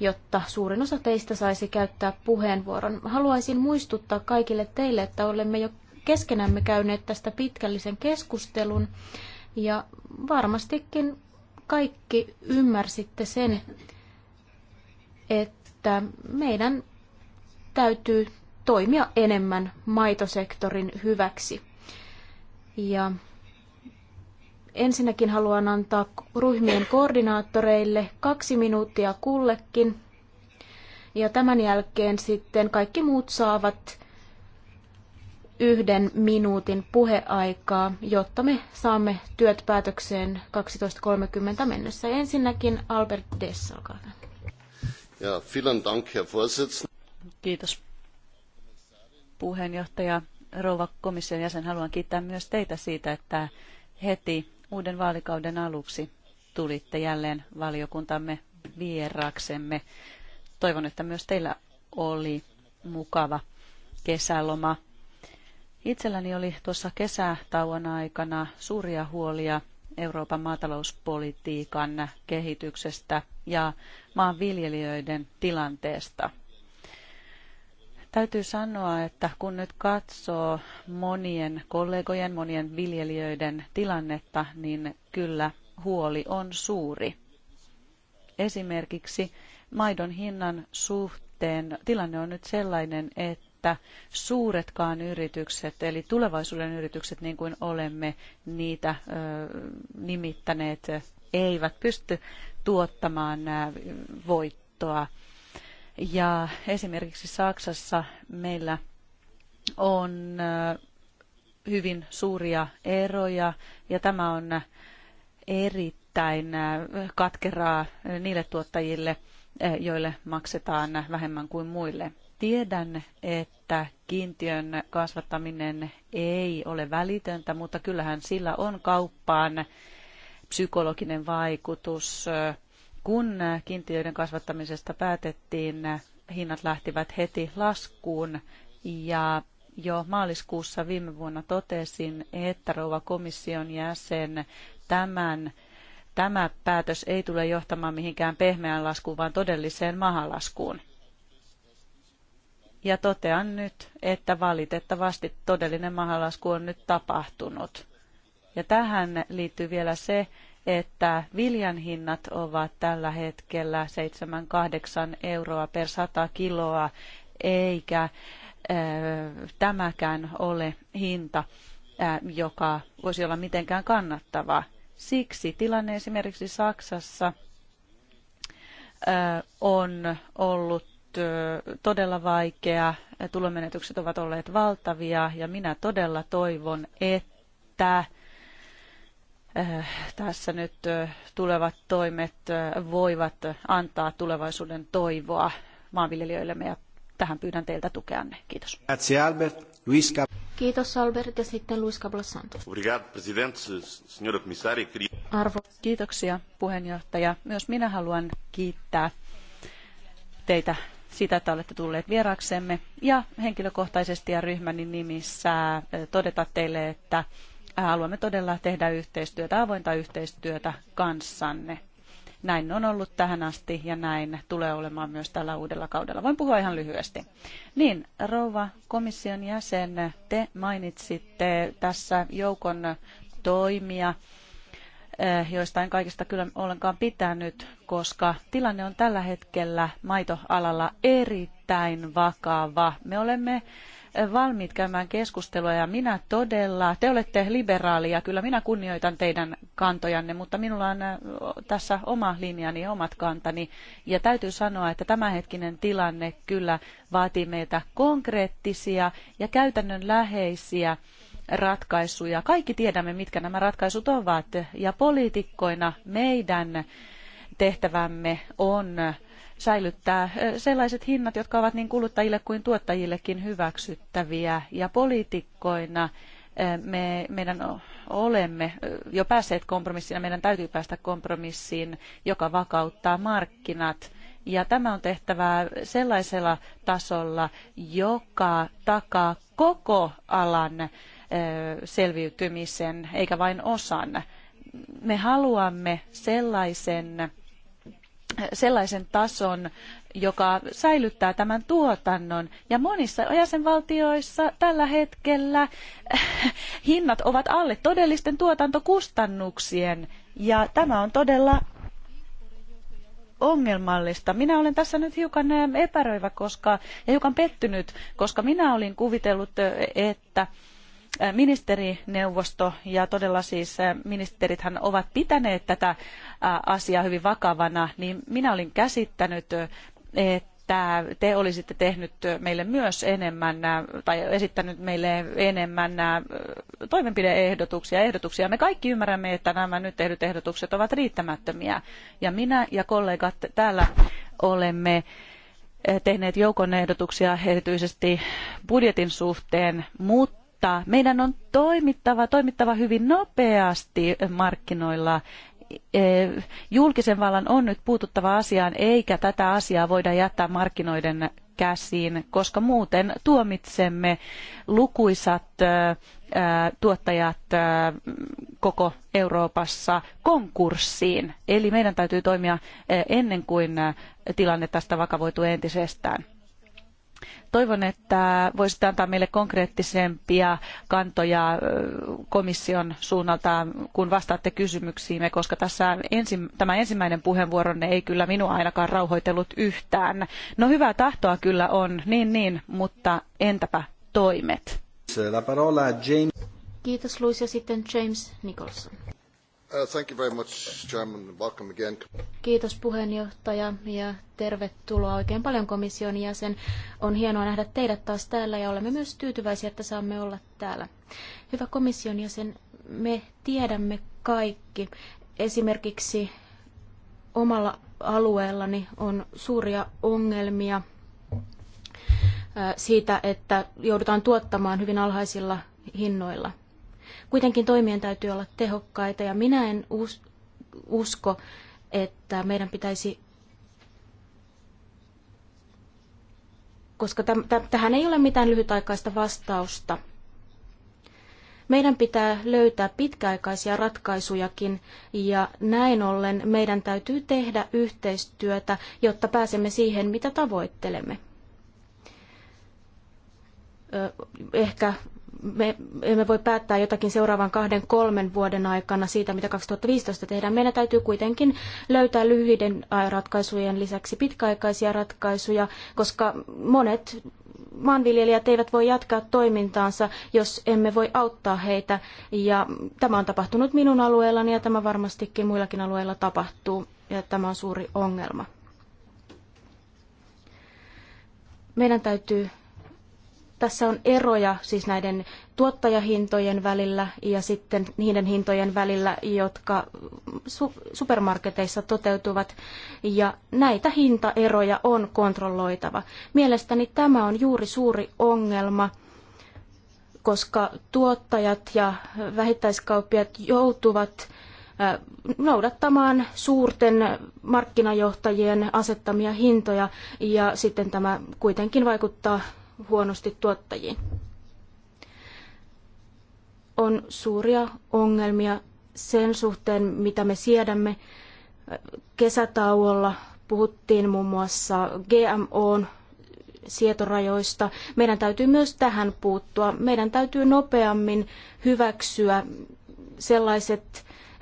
jotta suurin osa teistä saisi käyttää puheenvuoron. Haluaisin muistuttaa kaikille teille, että olemme jo keskenämme käyneet tästä pitkällisen keskustelun ja varmastikin kaikki ymmärsitte sen, että meidän täytyy toimia enemmän maitosektorin hyväksi. Ja Ensinnäkin haluan antaa ryhmien koordinaattoreille kaksi minuuttia kullekin. Ja tämän jälkeen sitten kaikki muut saavat yhden minuutin puheaikaa, jotta me saamme työt päätökseen 12.30 mennessä. Ensinnäkin Albert Dess, olkaa hyvä. Ja, vielen dank, Herr Kiitos puheenjohtaja, rouva komission jäsen. Haluan kiittää myös teitä siitä, että heti uuden vaalikauden aluksi tulitte jälleen valiokuntamme vieraksemme. Toivon, että myös teillä oli mukava kesäloma. Itselläni oli tuossa kesätauon aikana suuria huolia Euroopan maatalouspolitiikan kehityksestä ja maanviljelijöiden tilanteesta – Täytyy sanoa, että kun nyt katsoo monien kollegojen, monien viljelijöiden tilannetta, niin kyllä huoli on suuri. Esimerkiksi maidon hinnan suhteen tilanne on nyt sellainen, että suuretkaan yritykset, eli tulevaisuuden yritykset, niin kuin olemme niitä ö, nimittäneet, eivät pysty tuottamaan voittoa ja esimerkiksi Saksassa meillä on hyvin suuria eroja ja tämä on erittäin katkeraa niille tuottajille, joille maksetaan vähemmän kuin muille. Tiedän, että kiintiön kasvattaminen ei ole välitöntä, mutta kyllähän sillä on kauppaan psykologinen vaikutus kun kiintiöiden kasvattamisesta päätettiin, hinnat lähtivät heti laskuun ja jo maaliskuussa viime vuonna totesin, että rouva komission jäsen tämän Tämä päätös ei tule johtamaan mihinkään pehmeään laskuun, vaan todelliseen mahalaskuun. Ja totean nyt, että valitettavasti todellinen mahalasku on nyt tapahtunut. Ja tähän liittyy vielä se, että viljan hinnat ovat tällä hetkellä 7-8 euroa per 100 kiloa, eikä tämäkään ole hinta, joka voisi olla mitenkään kannattava. Siksi tilanne esimerkiksi Saksassa on ollut todella vaikea, Tulomenetykset ovat olleet valtavia ja minä todella toivon, että Äh, tässä nyt äh, tulevat toimet äh, voivat antaa tulevaisuuden toivoa maanviljelijöillemme ja tähän pyydän teiltä tukeanne. Kiitos. Kiitos Albert ja sitten Luis Cablos Santos. Arvo. Kiitoksia puheenjohtaja. Myös minä haluan kiittää teitä siitä, että olette tulleet vieraksemme ja henkilökohtaisesti ja ryhmäni nimissä todeta teille, että haluamme todella tehdä yhteistyötä, avointa yhteistyötä kanssanne. Näin on ollut tähän asti ja näin tulee olemaan myös tällä uudella kaudella. Voin puhua ihan lyhyesti. Niin, rouva komission jäsen, te mainitsitte tässä joukon toimia, eh, joista en kaikista kyllä ollenkaan pitänyt, koska tilanne on tällä hetkellä maitoalalla erittäin vakava. Me olemme valmiit käymään keskustelua ja minä todella, te olette liberaalia, kyllä minä kunnioitan teidän kantojanne, mutta minulla on tässä oma linjani ja omat kantani. Ja täytyy sanoa, että tämänhetkinen tilanne kyllä vaatii meiltä konkreettisia ja käytännönläheisiä ratkaisuja. Kaikki tiedämme, mitkä nämä ratkaisut ovat ja poliitikkoina meidän tehtävämme on säilyttää sellaiset hinnat, jotka ovat niin kuluttajille kuin tuottajillekin hyväksyttäviä. Ja poliitikkoina me, meidän olemme jo päässeet kompromissiin ja meidän täytyy päästä kompromissiin, joka vakauttaa markkinat. Ja tämä on tehtävää sellaisella tasolla, joka takaa koko alan selviytymisen, eikä vain osan. Me haluamme sellaisen sellaisen tason, joka säilyttää tämän tuotannon. Ja monissa jäsenvaltioissa tällä hetkellä hinnat ovat alle todellisten tuotantokustannuksien. Ja tämä on todella ongelmallista. Minä olen tässä nyt hiukan ähm, epäröivä koska, ja hiukan pettynyt, koska minä olin kuvitellut, äh, että ministerineuvosto ja todella siis ministerithän ovat pitäneet tätä asiaa hyvin vakavana, niin minä olin käsittänyt, että te olisitte tehnyt meille myös enemmän tai esittänyt meille enemmän toimenpideehdotuksia. Ehdotuksia. Me kaikki ymmärrämme, että nämä nyt tehdyt ehdotukset ovat riittämättömiä. Ja minä ja kollegat täällä olemme tehneet joukon ehdotuksia erityisesti budjetin suhteen, mutta mutta meidän on toimittava, toimittava hyvin nopeasti markkinoilla. E, julkisen vallan on nyt puututtava asiaan, eikä tätä asiaa voida jättää markkinoiden käsiin, koska muuten tuomitsemme lukuisat e, e, tuottajat koko Euroopassa konkurssiin. Eli meidän täytyy toimia ennen kuin tilanne tästä vakavoituu entisestään. Toivon, että voisitte antaa meille konkreettisempia kantoja komission suunnalta, kun vastaatte kysymyksiimme, koska tässä ensi, tämä ensimmäinen puheenvuoronne ei kyllä minua ainakaan rauhoitellut yhtään. No hyvää tahtoa kyllä on, niin niin, mutta entäpä toimet? Kiitos Luis ja sitten James Nicholson. Uh, thank you very much, Chairman. Welcome again. Kiitos puheenjohtaja ja tervetuloa oikein paljon komission jäsen. On hienoa nähdä teidät taas täällä ja olemme myös tyytyväisiä, että saamme olla täällä. Hyvä komission jäsen, me tiedämme kaikki. Esimerkiksi omalla alueellani on suuria ongelmia uh, siitä, että joudutaan tuottamaan hyvin alhaisilla hinnoilla – Kuitenkin toimien täytyy olla tehokkaita ja minä en usko, että meidän pitäisi koska täm, täm, tähän ei ole mitään lyhytaikaista vastausta. Meidän pitää löytää pitkäaikaisia ratkaisujakin ja näin ollen meidän täytyy tehdä yhteistyötä, jotta pääsemme siihen, mitä tavoittelemme ehkä me emme voi päättää jotakin seuraavan kahden, kolmen vuoden aikana siitä, mitä 2015 tehdään. Meidän täytyy kuitenkin löytää lyhyiden ratkaisujen lisäksi pitkäaikaisia ratkaisuja, koska monet maanviljelijät eivät voi jatkaa toimintaansa, jos emme voi auttaa heitä. Ja tämä on tapahtunut minun alueellani ja tämä varmastikin muillakin alueilla tapahtuu. Ja tämä on suuri ongelma. Meidän täytyy tässä on eroja siis näiden tuottajahintojen välillä ja sitten niiden hintojen välillä, jotka supermarketeissa toteutuvat. Ja näitä hintaeroja on kontrolloitava. Mielestäni tämä on juuri suuri ongelma koska tuottajat ja vähittäiskauppiat joutuvat noudattamaan suurten markkinajohtajien asettamia hintoja ja sitten tämä kuitenkin vaikuttaa huonosti tuottajiin. On suuria ongelmia sen suhteen, mitä me siedämme. Kesätauolla puhuttiin muun muassa GMOn sietorajoista. Meidän täytyy myös tähän puuttua. Meidän täytyy nopeammin hyväksyä sellaiset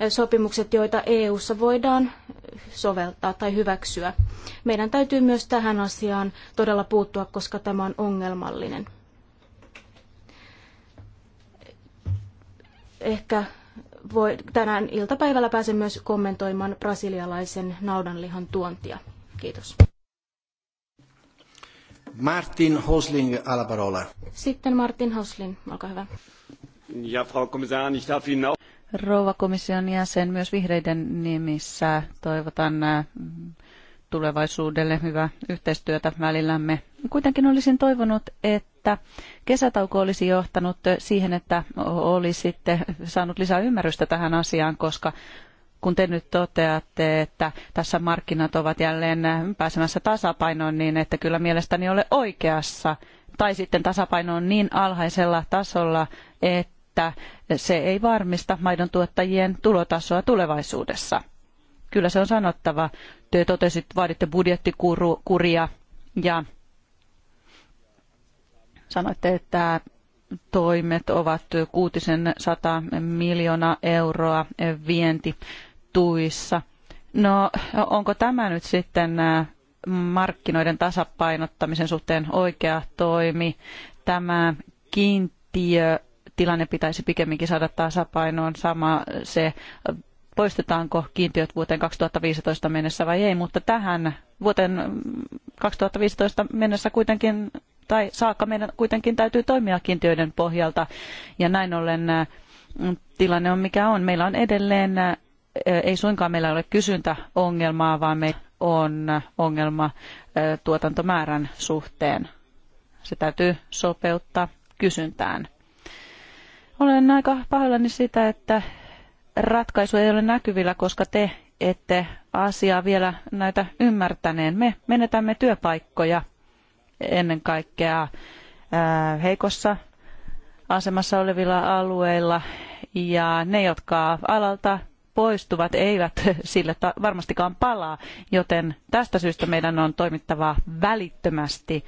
sopimukset, joita EU:ssa voidaan soveltaa tai hyväksyä. Meidän täytyy myös tähän asiaan todella puuttua, koska tämä on ongelmallinen. Ehkä voi, tänään iltapäivällä pääsen myös kommentoimaan brasilialaisen naudanlihan tuontia. Kiitos. Martin Hosling alla parola. Sitten Martin Hosling, olkaa hyvä. Ja Frau Kommissarin, ich darf Ihnen auch... Rouva komission jäsen myös vihreiden nimissä toivotan äh, tulevaisuudelle hyvää yhteistyötä välillämme. Kuitenkin olisin toivonut, että kesätauko olisi johtanut siihen, että olisitte saanut lisää ymmärrystä tähän asiaan, koska kun te nyt toteatte, että tässä markkinat ovat jälleen pääsemässä tasapainoon, niin että kyllä mielestäni ole oikeassa. Tai sitten tasapaino on niin alhaisella tasolla, että että se ei varmista maidon tuottajien tulotasoa tulevaisuudessa. Kyllä se on sanottava. Te totesit, vaaditte budjettikuria ja sanoitte, että toimet ovat kuutisen sata miljoonaa euroa vientituissa. No onko tämä nyt sitten äh, markkinoiden tasapainottamisen suhteen oikea toimi? Tämä kiintiö tilanne pitäisi pikemminkin saada tasapainoon. Sama se, poistetaanko kiintiöt vuoteen 2015 mennessä vai ei, mutta tähän vuoteen 2015 mm, mennessä kuitenkin tai saakka meidän kuitenkin täytyy toimia kiintiöiden pohjalta ja näin ollen mm, tilanne on mikä on. Meillä on edelleen, mm, e, ei suinkaan meillä ole kysyntäongelmaa, vaan meillä on ongelma tuotantomäärän suhteen. Se täytyy sopeuttaa kysyntään. Olen aika pahoillani sitä, että ratkaisu ei ole näkyvillä, koska te ette asiaa vielä näitä ymmärtäneen. Me menetämme työpaikkoja ennen kaikkea heikossa asemassa olevilla alueilla ja ne, jotka alalta poistuvat, eivät sille varmastikaan palaa, joten tästä syystä meidän on toimittava välittömästi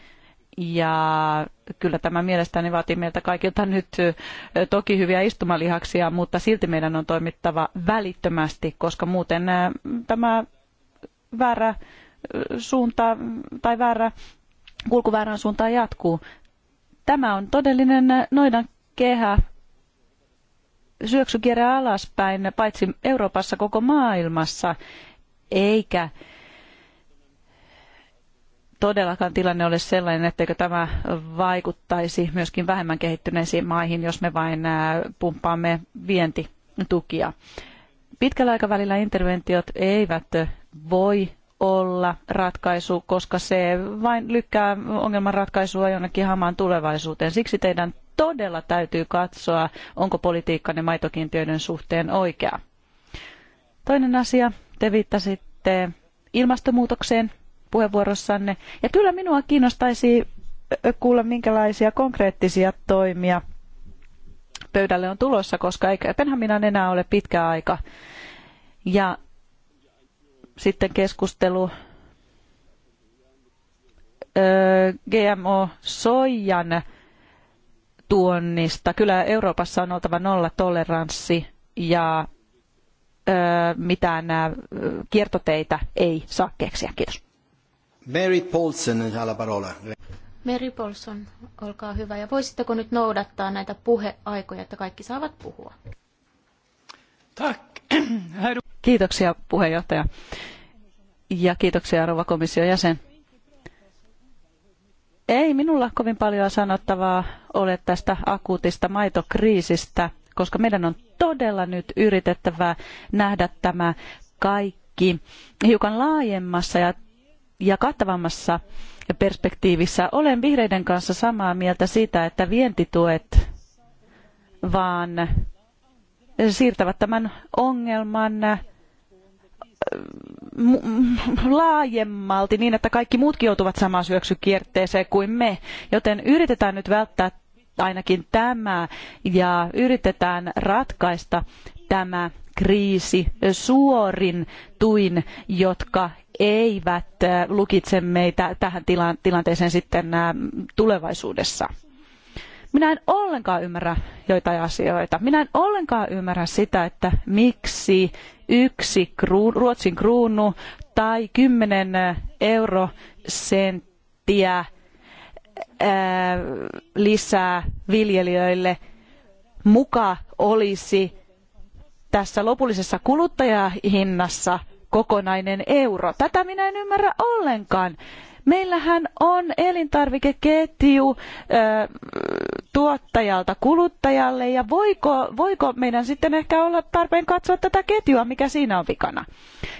ja kyllä tämä mielestäni vaatii meiltä kaikilta nyt toki hyviä istumalihaksia, mutta silti meidän on toimittava välittömästi, koska muuten tämä väärä suunta tai väärä kulkuväärän suuntaan jatkuu. Tämä on todellinen noidan kehä, syöksykierä alaspäin, paitsi Euroopassa koko maailmassa, eikä todellakaan tilanne ole sellainen, etteikö tämä vaikuttaisi myöskin vähemmän kehittyneisiin maihin, jos me vain pumppaamme vientitukia. Pitkällä aikavälillä interventiot eivät voi olla ratkaisu, koska se vain lykkää ongelman ratkaisua jonnekin hamaan tulevaisuuteen. Siksi teidän todella täytyy katsoa, onko politiikkanne maitokiintiöiden suhteen oikea. Toinen asia, te viittasitte ilmastonmuutokseen puheenvuorossanne. Ja kyllä minua kiinnostaisi kuulla, minkälaisia konkreettisia toimia pöydälle on tulossa, koska ei Kööpenhaminan enää ole pitkä aika. Ja sitten keskustelu GMO-soijan tuonnista. Kyllä Euroopassa on oltava nolla toleranssi ja mitään kiertoteitä ei saa keksiä. Kiitos. Mary Paulsen alla parola. Mary Paulson, olkaa hyvä. Ja voisitteko nyt noudattaa näitä puheaikoja, että kaikki saavat puhua? Kiitoksia puheenjohtaja. Ja kiitoksia arvoa komission jäsen. Ei minulla kovin paljon sanottavaa ole tästä akuutista maitokriisistä, koska meidän on todella nyt yritettävä nähdä tämä kaikki hiukan laajemmassa ja ja kattavammassa perspektiivissä. Olen vihreiden kanssa samaa mieltä siitä, että vientituet vaan siirtävät tämän ongelman äh, laajemmalti niin, että kaikki muutkin joutuvat samaan syöksykierteeseen kuin me. Joten yritetään nyt välttää ainakin tämä ja yritetään ratkaista tämä kriisi suorin tuin, jotka eivät äh, lukitse meitä tähän tilanteeseen sitten äh, tulevaisuudessa. Minä en ollenkaan ymmärrä joitain asioita. Minä en ollenkaan ymmärrä sitä, että miksi yksi Ruotsin kruunu tai kymmenen äh, eurosenttiä lisää viljelijöille muka olisi tässä lopullisessa kuluttajahinnassa kokonainen euro. Tätä minä en ymmärrä ollenkaan. Meillähän on elintarvikeketju tuottajalta kuluttajalle ja voiko, voiko meidän sitten ehkä olla tarpeen katsoa tätä ketjua, mikä siinä on vikana.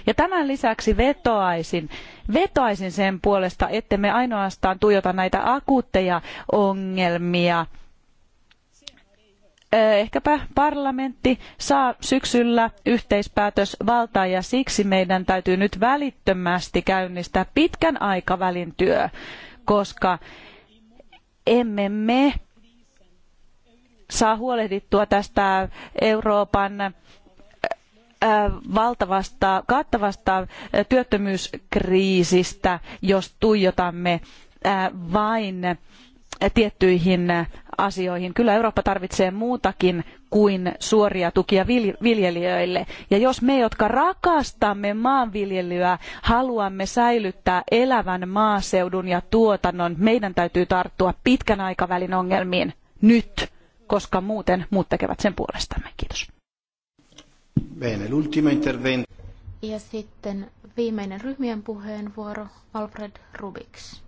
Ja tämän lisäksi vetoaisin, vetoaisin sen puolesta, ettemme ainoastaan tuijota näitä akuutteja ongelmia – Eh, ehkäpä parlamentti saa syksyllä yhteispäätösvaltaa ja siksi meidän täytyy nyt välittömästi käynnistää pitkän aikavälin työ, koska emme me saa huolehdittua tästä Euroopan eh, valtavasta, kattavasta eh, työttömyyskriisistä, jos tuijotamme vain tiettyihin äh, asioihin. Kyllä Eurooppa tarvitsee muutakin kuin suoria tukia viljelijöille. Ja jos me, jotka rakastamme maanviljelyä, haluamme säilyttää elävän maaseudun ja tuotannon, meidän täytyy tarttua pitkän aikavälin ongelmiin nyt, koska muuten muut tekevät sen puolestamme. Kiitos. Bene, l'ultimo intervento. Ja sitten viimeinen ryhmien puheenvuoro, Alfred Rubiks.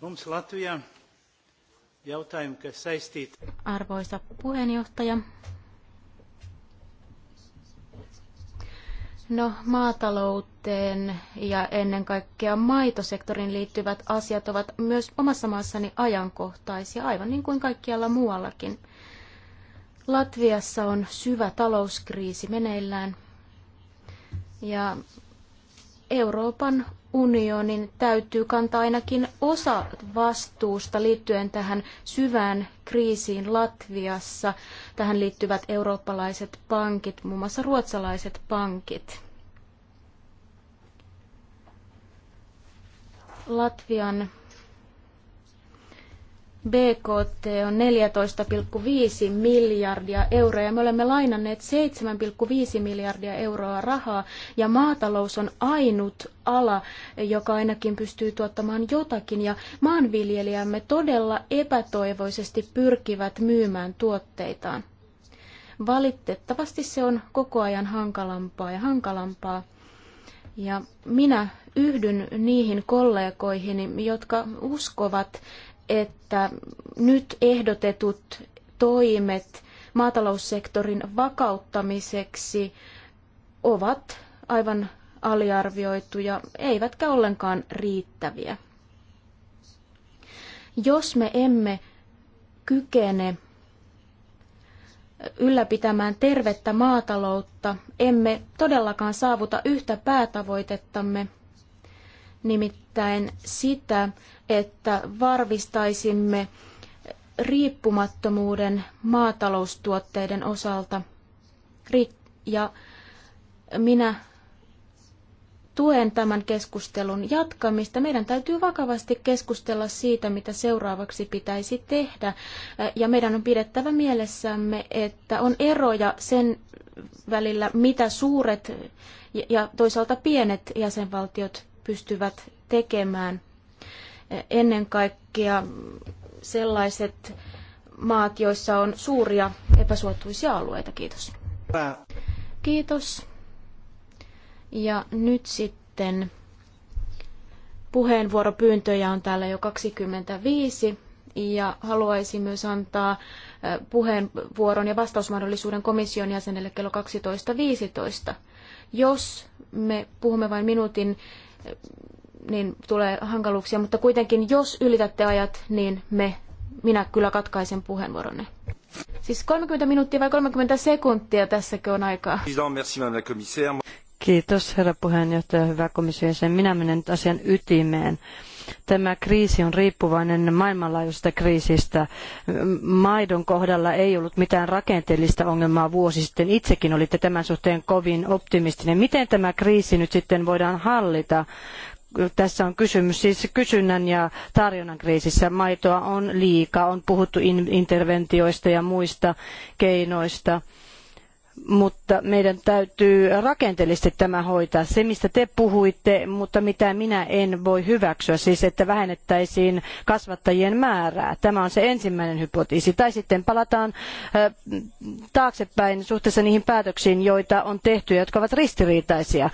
Mums Latvia jautājumu, kas Arvoisa puheenjohtaja. No, maatalouteen ja ennen kaikkea maitosektorin liittyvät asiat ovat myös omassa maassani ajankohtaisia, aivan niin kuin kaikkialla muuallakin. Latviassa on syvä talouskriisi meneillään ja Euroopan unionin täytyy kantaa ainakin osa vastuusta liittyen tähän syvään kriisiin Latviassa. Tähän liittyvät eurooppalaiset pankit, muun muassa ruotsalaiset pankit. Latvian BKT on 14,5 miljardia euroa ja me olemme lainanneet 7,5 miljardia euroa rahaa ja maatalous on ainut ala, joka ainakin pystyy tuottamaan jotakin ja maanviljelijämme todella epätoivoisesti pyrkivät myymään tuotteitaan. Valitettavasti se on koko ajan hankalampaa ja hankalampaa. Ja minä yhdyn niihin kollegoihin, jotka uskovat että nyt ehdotetut toimet maataloussektorin vakauttamiseksi ovat aivan aliarvioituja, eivätkä ollenkaan riittäviä. Jos me emme kykene ylläpitämään tervettä maataloutta, emme todellakaan saavuta yhtä päätavoitettamme, nimittäin sitä, että varmistaisimme riippumattomuuden maataloustuotteiden osalta. Ja minä tuen tämän keskustelun jatkamista. Meidän täytyy vakavasti keskustella siitä, mitä seuraavaksi pitäisi tehdä. Ja meidän on pidettävä mielessämme, että on eroja sen välillä, mitä suuret ja toisaalta pienet jäsenvaltiot pystyvät tekemään. Ennen kaikkea sellaiset maat, joissa on suuria epäsuotuisia alueita. Kiitos. Kiitos. Ja nyt sitten puheenvuoropyyntöjä on täällä jo 25 ja haluaisin myös antaa puheenvuoron ja vastausmahdollisuuden komission jäsenelle kello 12.15. Jos me puhumme vain minuutin niin tulee hankaluuksia, mutta kuitenkin jos ylitätte ajat, niin me, minä kyllä katkaisen puheenvuoronne. Siis 30 minuuttia vai 30 sekuntia tässäkö on aikaa? Kiitos herra puheenjohtaja, hyvä komissio. Minä menen asian ytimeen. Tämä kriisi on riippuvainen maailmanlaajuisesta kriisistä. Maidon kohdalla ei ollut mitään rakenteellista ongelmaa vuosi sitten. Itsekin olitte tämän suhteen kovin optimistinen. Miten tämä kriisi nyt sitten voidaan hallita? tässä on kysymys siis kysynnän ja tarjonnan kriisissä. Maitoa on liikaa, on puhuttu interventioista ja muista keinoista mutta meidän täytyy rakenteellisesti tämä hoitaa. Se, mistä te puhuitte, mutta mitä minä en voi hyväksyä, siis että vähennettäisiin kasvattajien määrää. Tämä on se ensimmäinen hypotiisi. Tai sitten palataan taaksepäin suhteessa niihin päätöksiin, joita on tehty ja jotka ovat ristiriitaisia.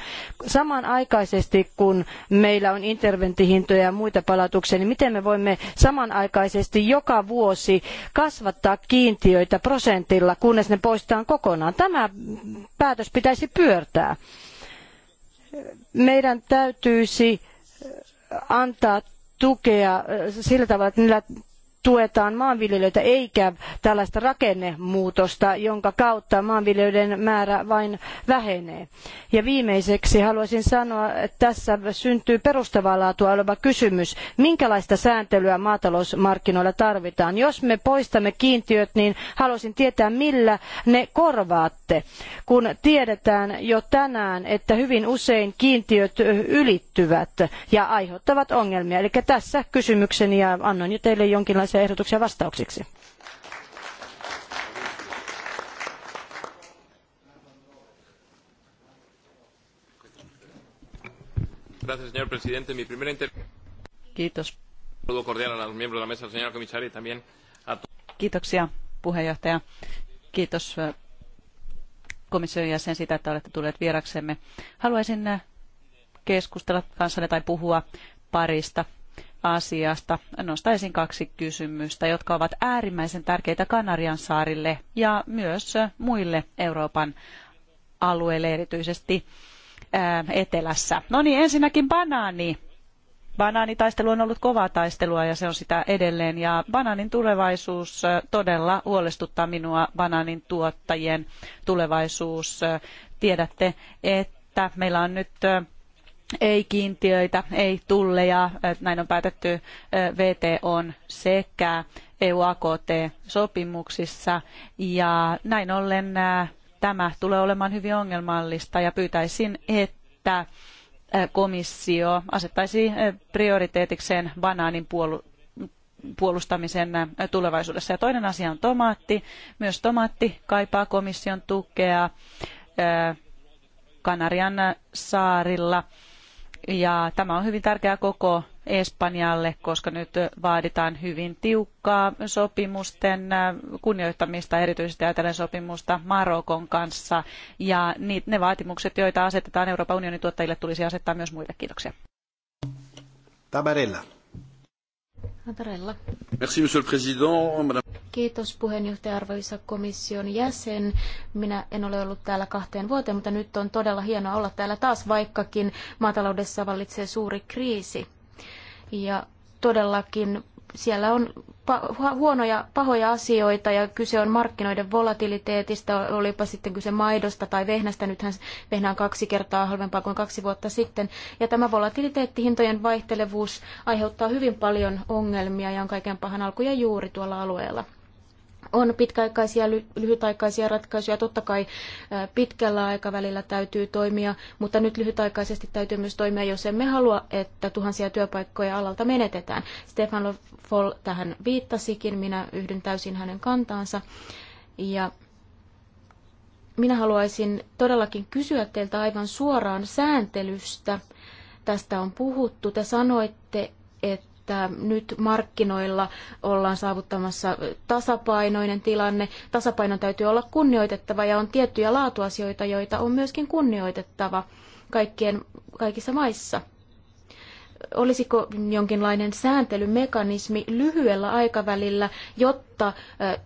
Samanaikaisesti, kun meillä on interventihintoja ja muita palautuksia, niin miten me voimme samanaikaisesti joka vuosi kasvattaa kiintiöitä prosentilla, kunnes ne poistetaan kokonaan? Tämä tämä päätös pitäisi pyörtää. Meidän täytyisi antaa tukea sillä tavalla, että niillä tuetaan maanviljelijöitä eikä tällaista rakennemuutosta, jonka kautta maanviljelijöiden määrä vain vähenee. Ja viimeiseksi haluaisin sanoa, että tässä syntyy perustavaa laatua oleva kysymys, minkälaista sääntelyä maatalousmarkkinoilla tarvitaan. Jos me poistamme kiintiöt, niin haluaisin tietää, millä ne korvaatte, kun tiedetään jo tänään, että hyvin usein kiintiöt ylittyvät ja aiheuttavat ongelmia. Eli tässä kysymykseni ja annan jo teille jonkinlaisen konkreettisia ehdotuksia vastauksiksi. señor presidente. Mi primera Kiitos. Saludo cordial a los miembros de la mesa, señora comisaria, y también a Kiitoksia puheenjohtaja. Kiitos komission jäsen sitä, että olette tulleet vieraksemme. Haluaisin keskustella kanssanne tai puhua parista asiasta nostaisin kaksi kysymystä, jotka ovat äärimmäisen tärkeitä Kanarian saarille ja myös muille Euroopan alueille, erityisesti etelässä. No niin, ensinnäkin banaani. Banaanitaistelu on ollut kovaa taistelua ja se on sitä edelleen. Ja banaanin tulevaisuus todella huolestuttaa minua, banaanin tuottajien tulevaisuus. Tiedätte, että meillä on nyt ei kiintiöitä, ei tulleja, näin on päätetty VTOn sekä EU-AKT-sopimuksissa ja näin ollen tämä tulee olemaan hyvin ongelmallista ja pyytäisin, että komissio asettaisi prioriteetikseen banaanin puolustamisen tulevaisuudessa. Ja toinen asia on tomaatti. Myös tomaatti kaipaa komission tukea Kanarian saarilla ja tämä on hyvin tärkeää koko Espanjalle, koska nyt vaaditaan hyvin tiukkaa sopimusten äh, kunnioittamista, erityisesti ajatellen sopimusta Marokon kanssa. Ja ne vaatimukset, joita asetetaan Euroopan unionin tuottajille, tulisi asettaa myös muille. Kiitoksia. Tabarella. Antarella. Merci, monsieur le président. Madame... Kiitos puheenjohtaja arvoisa komission jäsen. Minä en ole ollut täällä kahteen vuoteen, mutta nyt on todella hienoa olla täällä taas, vaikkakin maataloudessa vallitsee suuri kriisi. Ja todellakin siellä on huonoja, pahoja asioita ja kyse on markkinoiden volatiliteetista, olipa sitten kyse maidosta tai vehnästä, nythän vehnä on kaksi kertaa halvempaa kuin kaksi vuotta sitten. Ja tämä volatiliteettihintojen vaihtelevuus aiheuttaa hyvin paljon ongelmia ja on kaiken pahan alku ja juuri tuolla alueella on pitkäaikaisia ja lyhytaikaisia ratkaisuja. Totta kai pitkällä aikavälillä täytyy toimia, mutta nyt lyhytaikaisesti täytyy myös toimia, jos emme halua, että tuhansia työpaikkoja alalta menetetään. Stefan Foll tähän viittasikin, minä yhdyn täysin hänen kantaansa. Ja minä haluaisin todellakin kysyä teiltä aivan suoraan sääntelystä. Tästä on puhuttu. Te sanoitte, että että nyt markkinoilla ollaan saavuttamassa tasapainoinen tilanne. Tasapainon täytyy olla kunnioitettava ja on tiettyjä laatuasioita, joita on myöskin kunnioitettava kaikkien, kaikissa maissa. Olisiko jonkinlainen sääntelymekanismi lyhyellä aikavälillä, jotta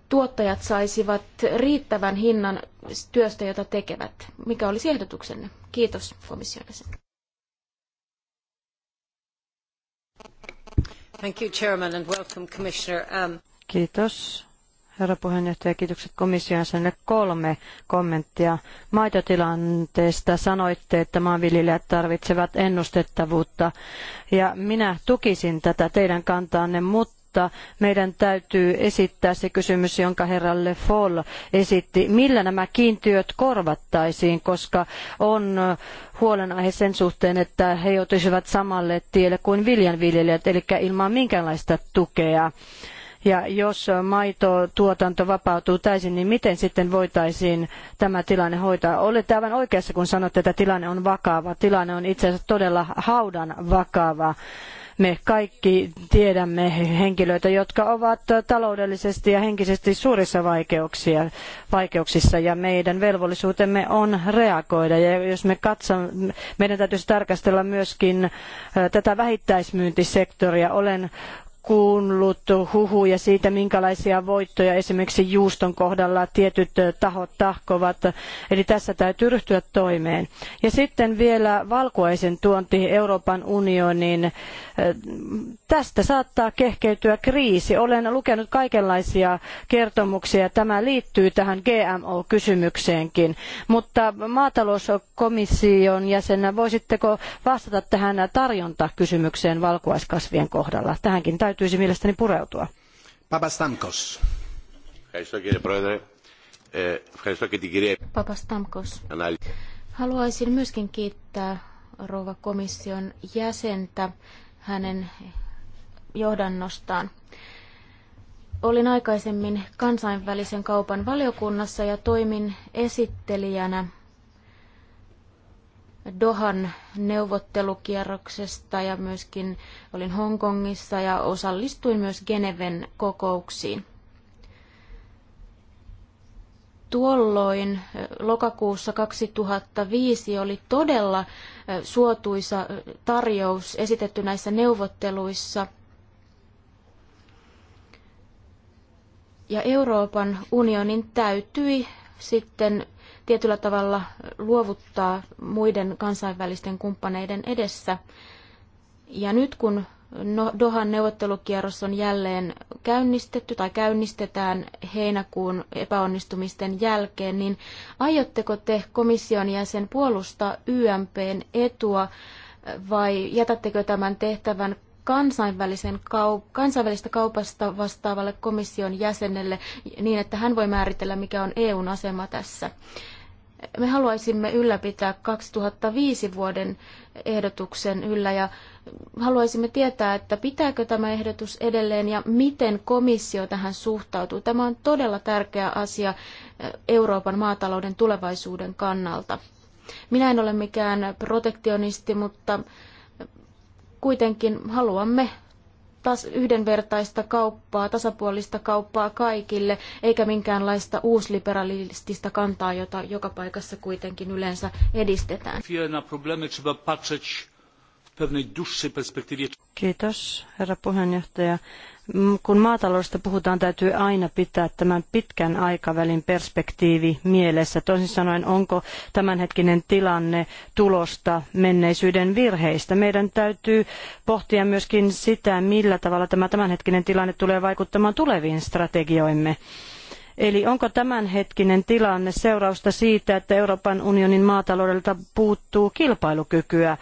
tuottajat saisivat riittävän hinnan työstä, jota tekevät? Mikä olisi ehdotuksenne? Kiitos komission jäsen. Um, Kiitos. Herra puheenjohtaja, kiitokset komission jäsenelle. Kolme kommenttia maitotilanteesta. Sanoitte, että maanviljelijät tarvitsevat ennustettavuutta ja minä tukisin tätä teidän kantaanne, mutta mutta meidän täytyy esittää se kysymys, jonka herra Le Foll esitti. Millä nämä kiintiöt korvattaisiin, koska on huolenaihe sen suhteen, että he joutuisivat samalle tielle kuin viljanviljelijät, eli ilman minkäänlaista tukea. Ja jos maitotuotanto vapautuu täysin, niin miten sitten voitaisiin tämä tilanne hoitaa? Olette aivan oikeassa, kun sanotte, että tilanne on vakava. Tilanne on itse asiassa todella haudan vakava me kaikki tiedämme henkilöitä, jotka ovat taloudellisesti ja henkisesti suurissa vaikeuksia, vaikeuksissa ja meidän velvollisuutemme on reagoida. Ja jos me katsomme, meidän täytyisi tarkastella myöskin tätä vähittäismyyntisektoria. Olen kuullut huhuja siitä, minkälaisia voittoja esimerkiksi juuston kohdalla tietyt tahot tahkovat. Eli tässä täytyy ryhtyä toimeen. Ja sitten vielä valkuaisen tuonti Euroopan unioniin. Tästä saattaa kehkeytyä kriisi. Olen lukenut kaikenlaisia kertomuksia. Tämä liittyy tähän GMO-kysymykseenkin. Mutta maatalouskomission jäsenä voisitteko vastata tähän tarjontakysymykseen valkuaiskasvien kohdalla? Tähänkin täytyy täytyisi mielestäni pureutua. Papastamkos. Papastamkos. Haluaisin myöskin kiittää rouva komission jäsentä hänen johdannostaan. Olin aikaisemmin kansainvälisen kaupan valiokunnassa ja toimin esittelijänä Dohan neuvottelukierroksesta ja myöskin olin Hongkongissa ja osallistuin myös Geneven kokouksiin. Tuolloin lokakuussa 2005 oli todella suotuisa tarjous esitetty näissä neuvotteluissa. Ja Euroopan unionin täytyi sitten tietyllä tavalla luovuttaa muiden kansainvälisten kumppaneiden edessä. Ja nyt kun no, Dohan neuvottelukierros on jälleen käynnistetty tai käynnistetään heinäkuun epäonnistumisten jälkeen, niin aiotteko te komission jäsen puolustaa YMPn etua vai jätättekö tämän tehtävän kansainvälisen kau- kansainvälistä kaupasta vastaavalle komission jäsenelle niin, että hän voi määritellä, mikä on EUn asema tässä me haluaisimme ylläpitää 2005 vuoden ehdotuksen yllä ja haluaisimme tietää, että pitääkö tämä ehdotus edelleen ja miten komissio tähän suhtautuu. Tämä on todella tärkeä asia eh, Euroopan maatalouden tulevaisuuden kannalta. Minä en ole mikään protektionisti, mutta kuitenkin haluamme taas yhdenvertaista kauppaa, tasapuolista kauppaa kaikille, eikä minkäänlaista uusliberalistista kantaa, jota joka paikassa kuitenkin yleensä edistetään. Kiitos, herra puheenjohtaja. Kun maataloudesta puhutaan, täytyy aina pitää tämän pitkän aikavälin perspektiivi mielessä. Toisin sanoen, onko tämänhetkinen tilanne tulosta menneisyyden virheistä. Meidän täytyy pohtia myöskin sitä, millä tavalla tämä tämänhetkinen tilanne tulee vaikuttamaan tuleviin strategioimme. Eli onko tämänhetkinen tilanne seurausta siitä, että Euroopan unionin maataloudelta puuttuu kilpailukykyä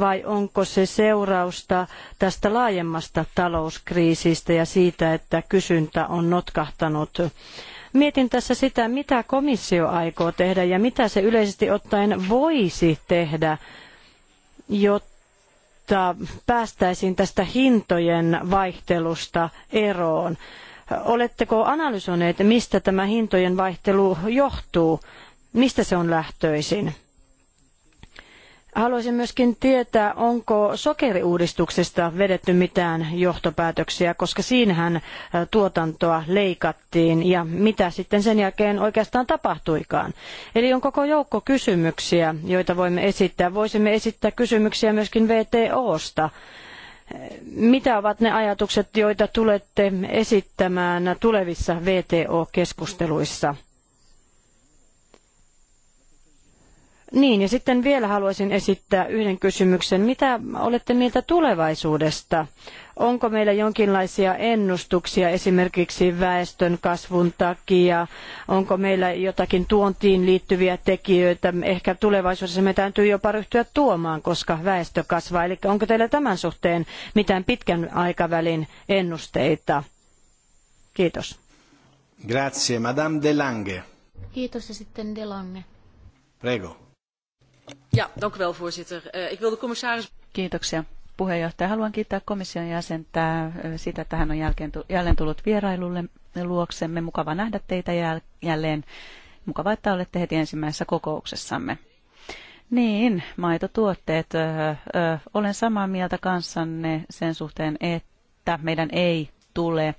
vai onko se seurausta tästä laajemmasta talouskriisistä ja siitä, että kysyntä on notkahtanut? Mietin tässä sitä, mitä komissio aikoo tehdä ja mitä se yleisesti ottaen voisi tehdä, jotta päästäisiin tästä hintojen vaihtelusta eroon. Oletteko analysoineet, mistä tämä hintojen vaihtelu johtuu? Mistä se on lähtöisin? Haluaisin myöskin tietää, onko sokeriuudistuksesta vedetty mitään johtopäätöksiä, koska siinähän tuotantoa leikattiin ja mitä sitten sen jälkeen oikeastaan tapahtuikaan. Eli on koko joukko kysymyksiä, joita voimme esittää. Voisimme esittää kysymyksiä myöskin VTOsta. Mitä ovat ne ajatukset, joita tulette esittämään tulevissa VTO-keskusteluissa? Niin, ja sitten vielä haluaisin esittää yhden kysymyksen. Mitä olette mieltä tulevaisuudesta? Onko meillä jonkinlaisia ennustuksia esimerkiksi väestön kasvun takia? Onko meillä jotakin tuontiin liittyviä tekijöitä? Ehkä tulevaisuudessa me täytyy jopa ryhtyä tuomaan, koska väestö kasvaa. Eli onko teillä tämän suhteen mitään pitkän aikavälin ennusteita? Kiitos. Grazie, Madame De Lange. Kiitos ja sitten De Lange. Prego. Ja, dank wel, voorzitter. Eh, ik wil de commissaris... Kiitoksia, puheenjohtaja. Haluan kiittää komission jäsentää sitä, että hän on jälkeen, jälleen tullut vierailulle luoksemme. Mukava nähdä teitä jälleen. Mukava, että olette heti ensimmäisessä kokouksessamme. Niin, maitotuotteet. Öö, öö, olen samaa mieltä kanssanne sen suhteen, että meidän ei tule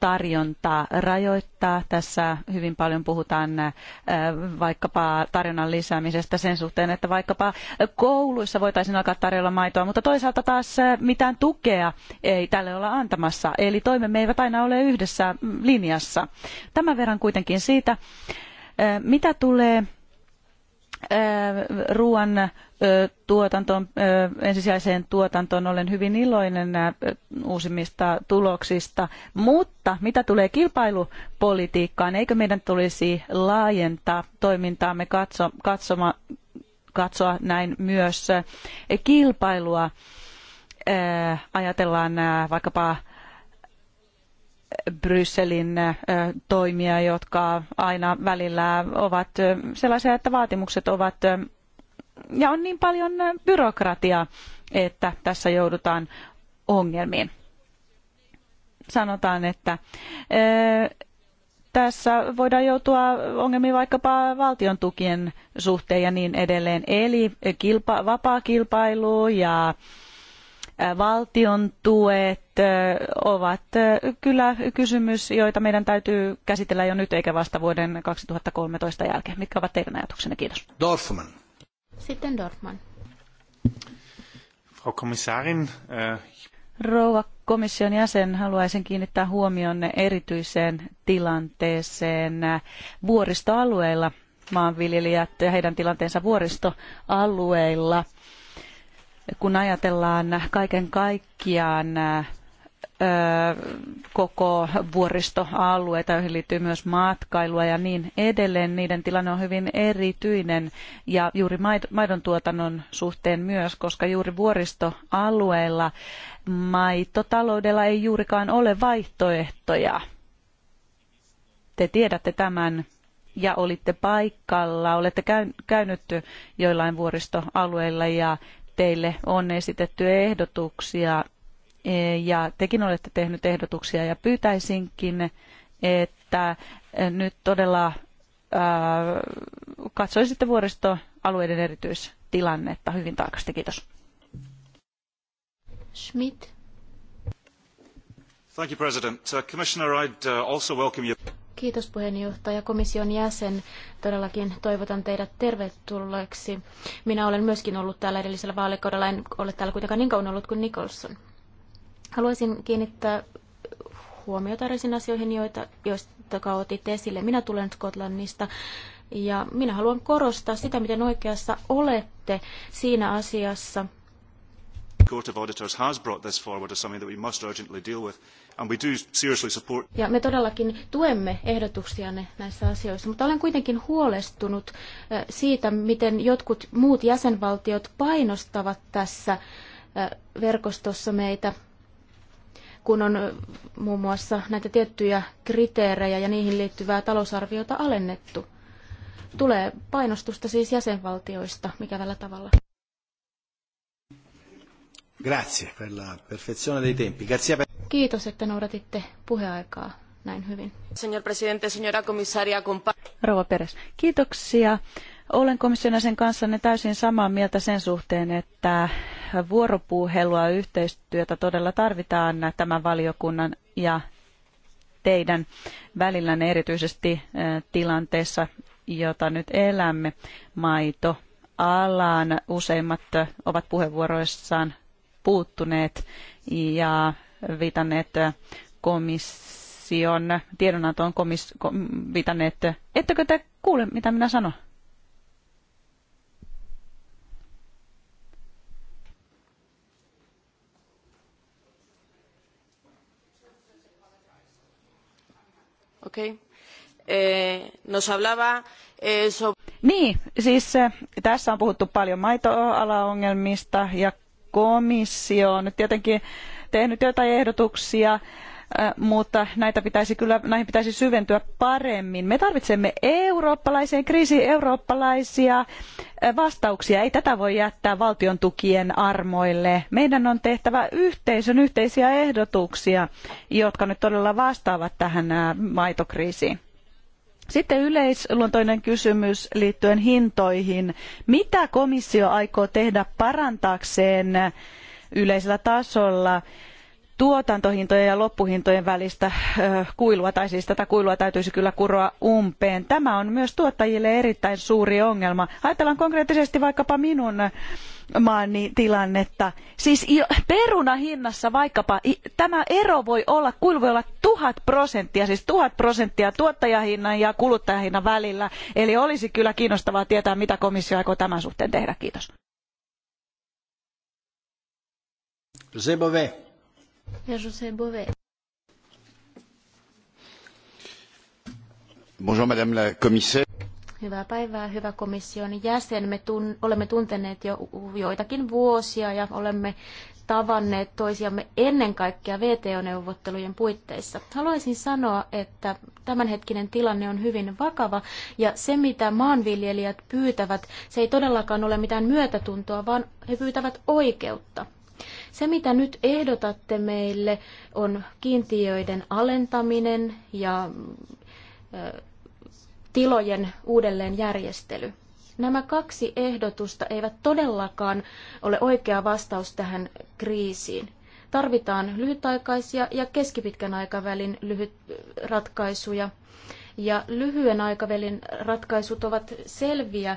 tarjontaa rajoittaa. Tässä hyvin paljon puhutaan vaikkapa tarjonnan lisäämisestä sen suhteen, että vaikkapa kouluissa voitaisiin alkaa tarjolla maitoa, mutta toisaalta taas mitään tukea ei tälle olla antamassa. Eli toimemme eivät aina ole yhdessä mm, linjassa. Tämän verran kuitenkin siitä, mitä tulee ruoan tuotantoon, ensisijaiseen tuotantoon olen hyvin iloinen uusimmista tuloksista, mutta mitä tulee kilpailupolitiikkaan, eikö meidän tulisi laajentaa toimintaamme katso, katsoma, katsoa näin myös kilpailua. Ajatellaan vaikkapa Brysselin toimia, jotka aina välillä ovat sellaisia, että vaatimukset ovat ja on niin paljon byrokratiaa, että tässä joudutaan ongelmiin. Sanotaan, että tässä voidaan joutua ongelmiin vaikkapa valtion tukien suhteen ja niin edelleen. Eli kilpa, vapaa kilpailu ja valtion tuet ovat kyllä kysymys, joita meidän täytyy käsitellä jo nyt eikä vasta vuoden kolmetoista jälkeen. Mitkä ovat teidän ajatuksenne? Kiitos. Dorfman. Sitten Dorfman. Frau Kommissarin, äh, Rouva komission jäsen, haluaisin kiinnittää huomionne erityiseen tilanteeseen vuoristoalueilla. Maanviljelijät ja heidän tilanteensa vuoristoalueilla – kun ajatellaan kaiken kaikkiaan koko vuoristoalueita, joihin liittyy myös matkailua ja niin edelleen. Niiden tilanne on hyvin erityinen ja juuri maidon tuotannon suhteen myös, koska juuri vuoristoalueilla maitotaloudella ei juurikaan ole vaihtoehtoja. Te tiedätte tämän ja olitte paikalla, olette käynyt joillain vuoristoalueilla ja teille on esitetty ehdotuksia e, ja tekin olette tehnyt ehdotuksia ja pyytäisinkin, että e, nyt todella katsoisitte vuoristoalueiden erityistilannetta hyvin tarkasti. Kiitos. Schmidt. Thank you, President. Uh, Commissioner, I'd uh, also welcome you. Kiitos puheenjohtaja, komission jäsen. Todellakin toivotan teidät tervetulleeksi. Minä olen myöskin ollut täällä edellisellä vaalikaudella, en ole täällä kuitenkaan niin kauan ollut kuin Nicholson. Haluaisin kiinnittää huomiota eräisiin asioihin, joita, joista otit esille. Minä tulen Skotlannista ja minä haluan korostaa sitä, miten oikeassa olette siinä asiassa. Court of Auditors has brought this forward as something that we must urgently deal with And we do seriously support... Ja me todellakin tuemme ehdotuksianne näissä asioissa, mutta olen kuitenkin huolestunut siitä, miten jotkut muut jäsenvaltiot painostavat tässä verkostossa meitä, kun on muun muassa näitä tiettyjä kriteerejä ja niihin liittyvää talousarviota alennettu. Tulee painostusta siis jäsenvaltioista, mikävällä tavalla. Grazie per la perfezione dei tempi. Grazie per... Kiitos, että noudatitte puheaikaa näin hyvin. Señor presidente, señora komissaria, compa... Rouva Peres, kiitoksia. Olen komissionäisen kanssanne täysin samaa mieltä sen suhteen, että vuoropuhelua ja yhteistyötä todella tarvitaan tämän valiokunnan ja teidän välillänne erityisesti eh, tilanteessa, jota nyt elämme, maito alaan. Useimmat eh, ovat puheenvuoroissaan puuttuneet ja viitanneet komission tiedonantoon komis, kom, viitanneet. Ettekö te kuule, mitä minä sanon? Okay. Eh, eh so... Niin, siis eh, tässä on puhuttu paljon maitoalaongelmista ja komissio on nyt tietenkin tehnyt joitain ehdotuksia, äh, mutta näitä pitäisi kyllä, näihin pitäisi syventyä paremmin. Me tarvitsemme eurooppalaiseen kriisiin eurooppalaisia äh, vastauksia. Ei tätä voi jättää valtion tukien armoille. Meidän on tehtävä yhteisön yhteisiä ehdotuksia, jotka nyt todella vastaavat tähän äh, maitokriisiin. Sitten yleisluontoinen kysymys liittyen hintoihin. Mitä komissio aikoo tehdä parantaakseen yleisellä tasolla tuotantohintojen ja loppuhintojen välistä kuilua, tai siis tätä kuilua täytyisi kyllä kuroa umpeen. Tämä on myös tuottajille erittäin suuri ongelma. Ajatellaan konkreettisesti vaikkapa minun maani tilannetta. Siis peruna-hinnassa vaikkapa tämä ero voi olla, kuilu voi olla tuhat prosenttia, siis tuhat prosenttia tuottajahinnan ja kuluttajahinnan välillä. Eli olisi kyllä kiinnostavaa tietää, mitä komissio aikoo tämän suhteen tehdä. Kiitos. José Bové. Ja José Bové. Bonjour Madame la Commissaire. Hyvää päivää, hyvä komission jäsen. Me tun, olemme tunteneet jo joitakin vuosia ja olemme tavanneet toisiamme ennen kaikkea VTO-neuvottelujen puitteissa. Haluaisin sanoa, että tämänhetkinen tilanne on hyvin vakava ja se, mitä maanviljelijät pyytävät, se ei todellakaan ole mitään myötätuntoa, vaan he pyytävät oikeutta. Se, mitä nyt ehdotatte meille, on kiintiöiden alentaminen ja tilojen uudelleenjärjestely. Nämä kaksi ehdotusta eivät todellakaan ole oikea vastaus tähän kriisiin. Tarvitaan lyhytaikaisia ja keskipitkän aikavälin lyhyt ratkaisuja. Ja lyhyen aikavälin ratkaisut ovat selviä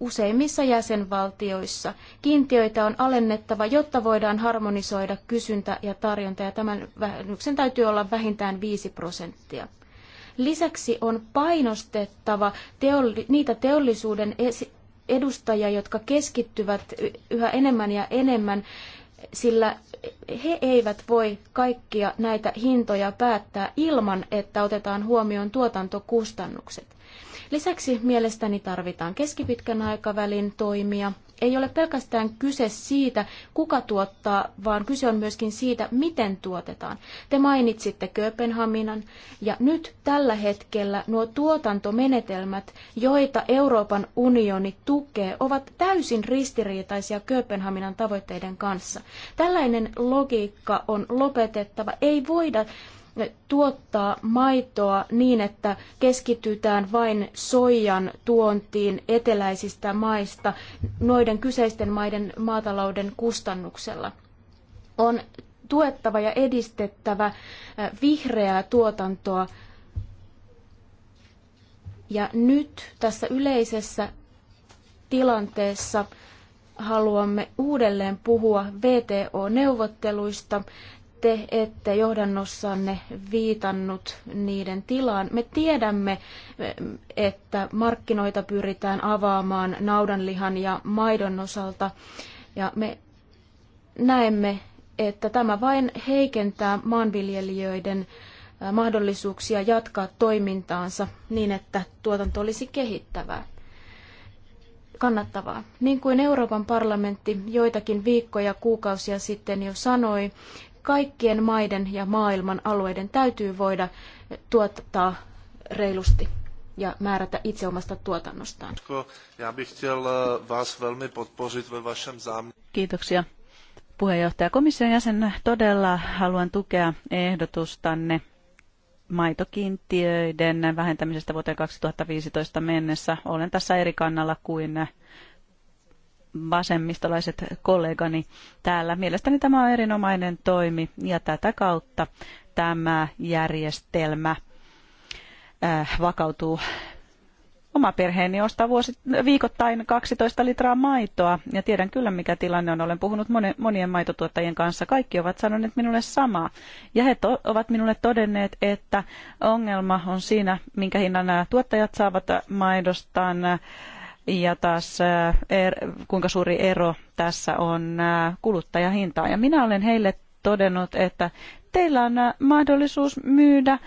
useimmissa jäsenvaltioissa. Kiintiöitä on alennettava, jotta voidaan harmonisoida kysyntä ja tarjonta, ja tämän vähennyksen täytyy olla vähintään 5 prosenttia. Lisäksi on painostettava teolli, niitä teollisuuden edustajia, jotka keskittyvät yhä enemmän ja enemmän, sillä he eivät voi kaikkia näitä hintoja päättää ilman, että otetaan huomioon tuotantokustannukset. Lisäksi mielestäni tarvitaan keskipitkän aikavälin toimia. Ei ole pelkästään kyse siitä, kuka tuottaa, vaan kyse on myöskin siitä, miten tuotetaan. Te mainitsitte Kööpenhaminan ja nyt tällä hetkellä nuo tuotantomenetelmät, joita Euroopan unioni tukee, ovat täysin ristiriitaisia Kööpenhaminan tavoitteiden kanssa. Tällainen logiikka on lopetettava. Ei voida tuottaa maitoa niin, että keskitytään vain soijan tuontiin eteläisistä maista noiden kyseisten maiden maatalouden kustannuksella. On tuettava ja edistettävä vihreää tuotantoa. Ja nyt tässä yleisessä tilanteessa haluamme uudelleen puhua VTO-neuvotteluista te ette johdannossanne viitannut niiden tilaan. Me tiedämme, että markkinoita pyritään avaamaan naudanlihan ja maidon osalta, ja me näemme, että tämä vain heikentää maanviljelijöiden mahdollisuuksia jatkaa toimintaansa niin, että tuotanto olisi kehittävää kannattavaa. Niin kuin Euroopan parlamentti joitakin viikkoja kuukausia sitten jo sanoi, kaikkien maiden ja maailman alueiden täytyy voida tuottaa reilusti ja määrätä itse omasta tuotannostaan. Eh, Kiitoksia puheenjohtaja komission jäsen. Todella haluan tukea ehdotustanne maitokiintiöiden vähentämisestä vuoteen 2015 mennessä. Olen tässä eri kannalla kuin vasemmistolaiset kollegani täällä. Mielestäni tämä on erinomainen toimi ja tätä kautta tämä järjestelmä äh, vakautuu. Oma perheeni ostaa vuosi, viikoittain 12 litraa maitoa ja tiedän kyllä mikä tilanne on. Olen puhunut monien maitotuottajien kanssa. Kaikki ovat sanoneet minulle samaa. Ja he to, ovat minulle todenneet, että ongelma on siinä, minkä hinnan nämä tuottajat saavat maidostaan ja taas eh, er, kuinka suuri ero tässä on eh, kuluttajahintaan. Ja minä olen heille todennut, että teillä on eh, mahdollisuus myydä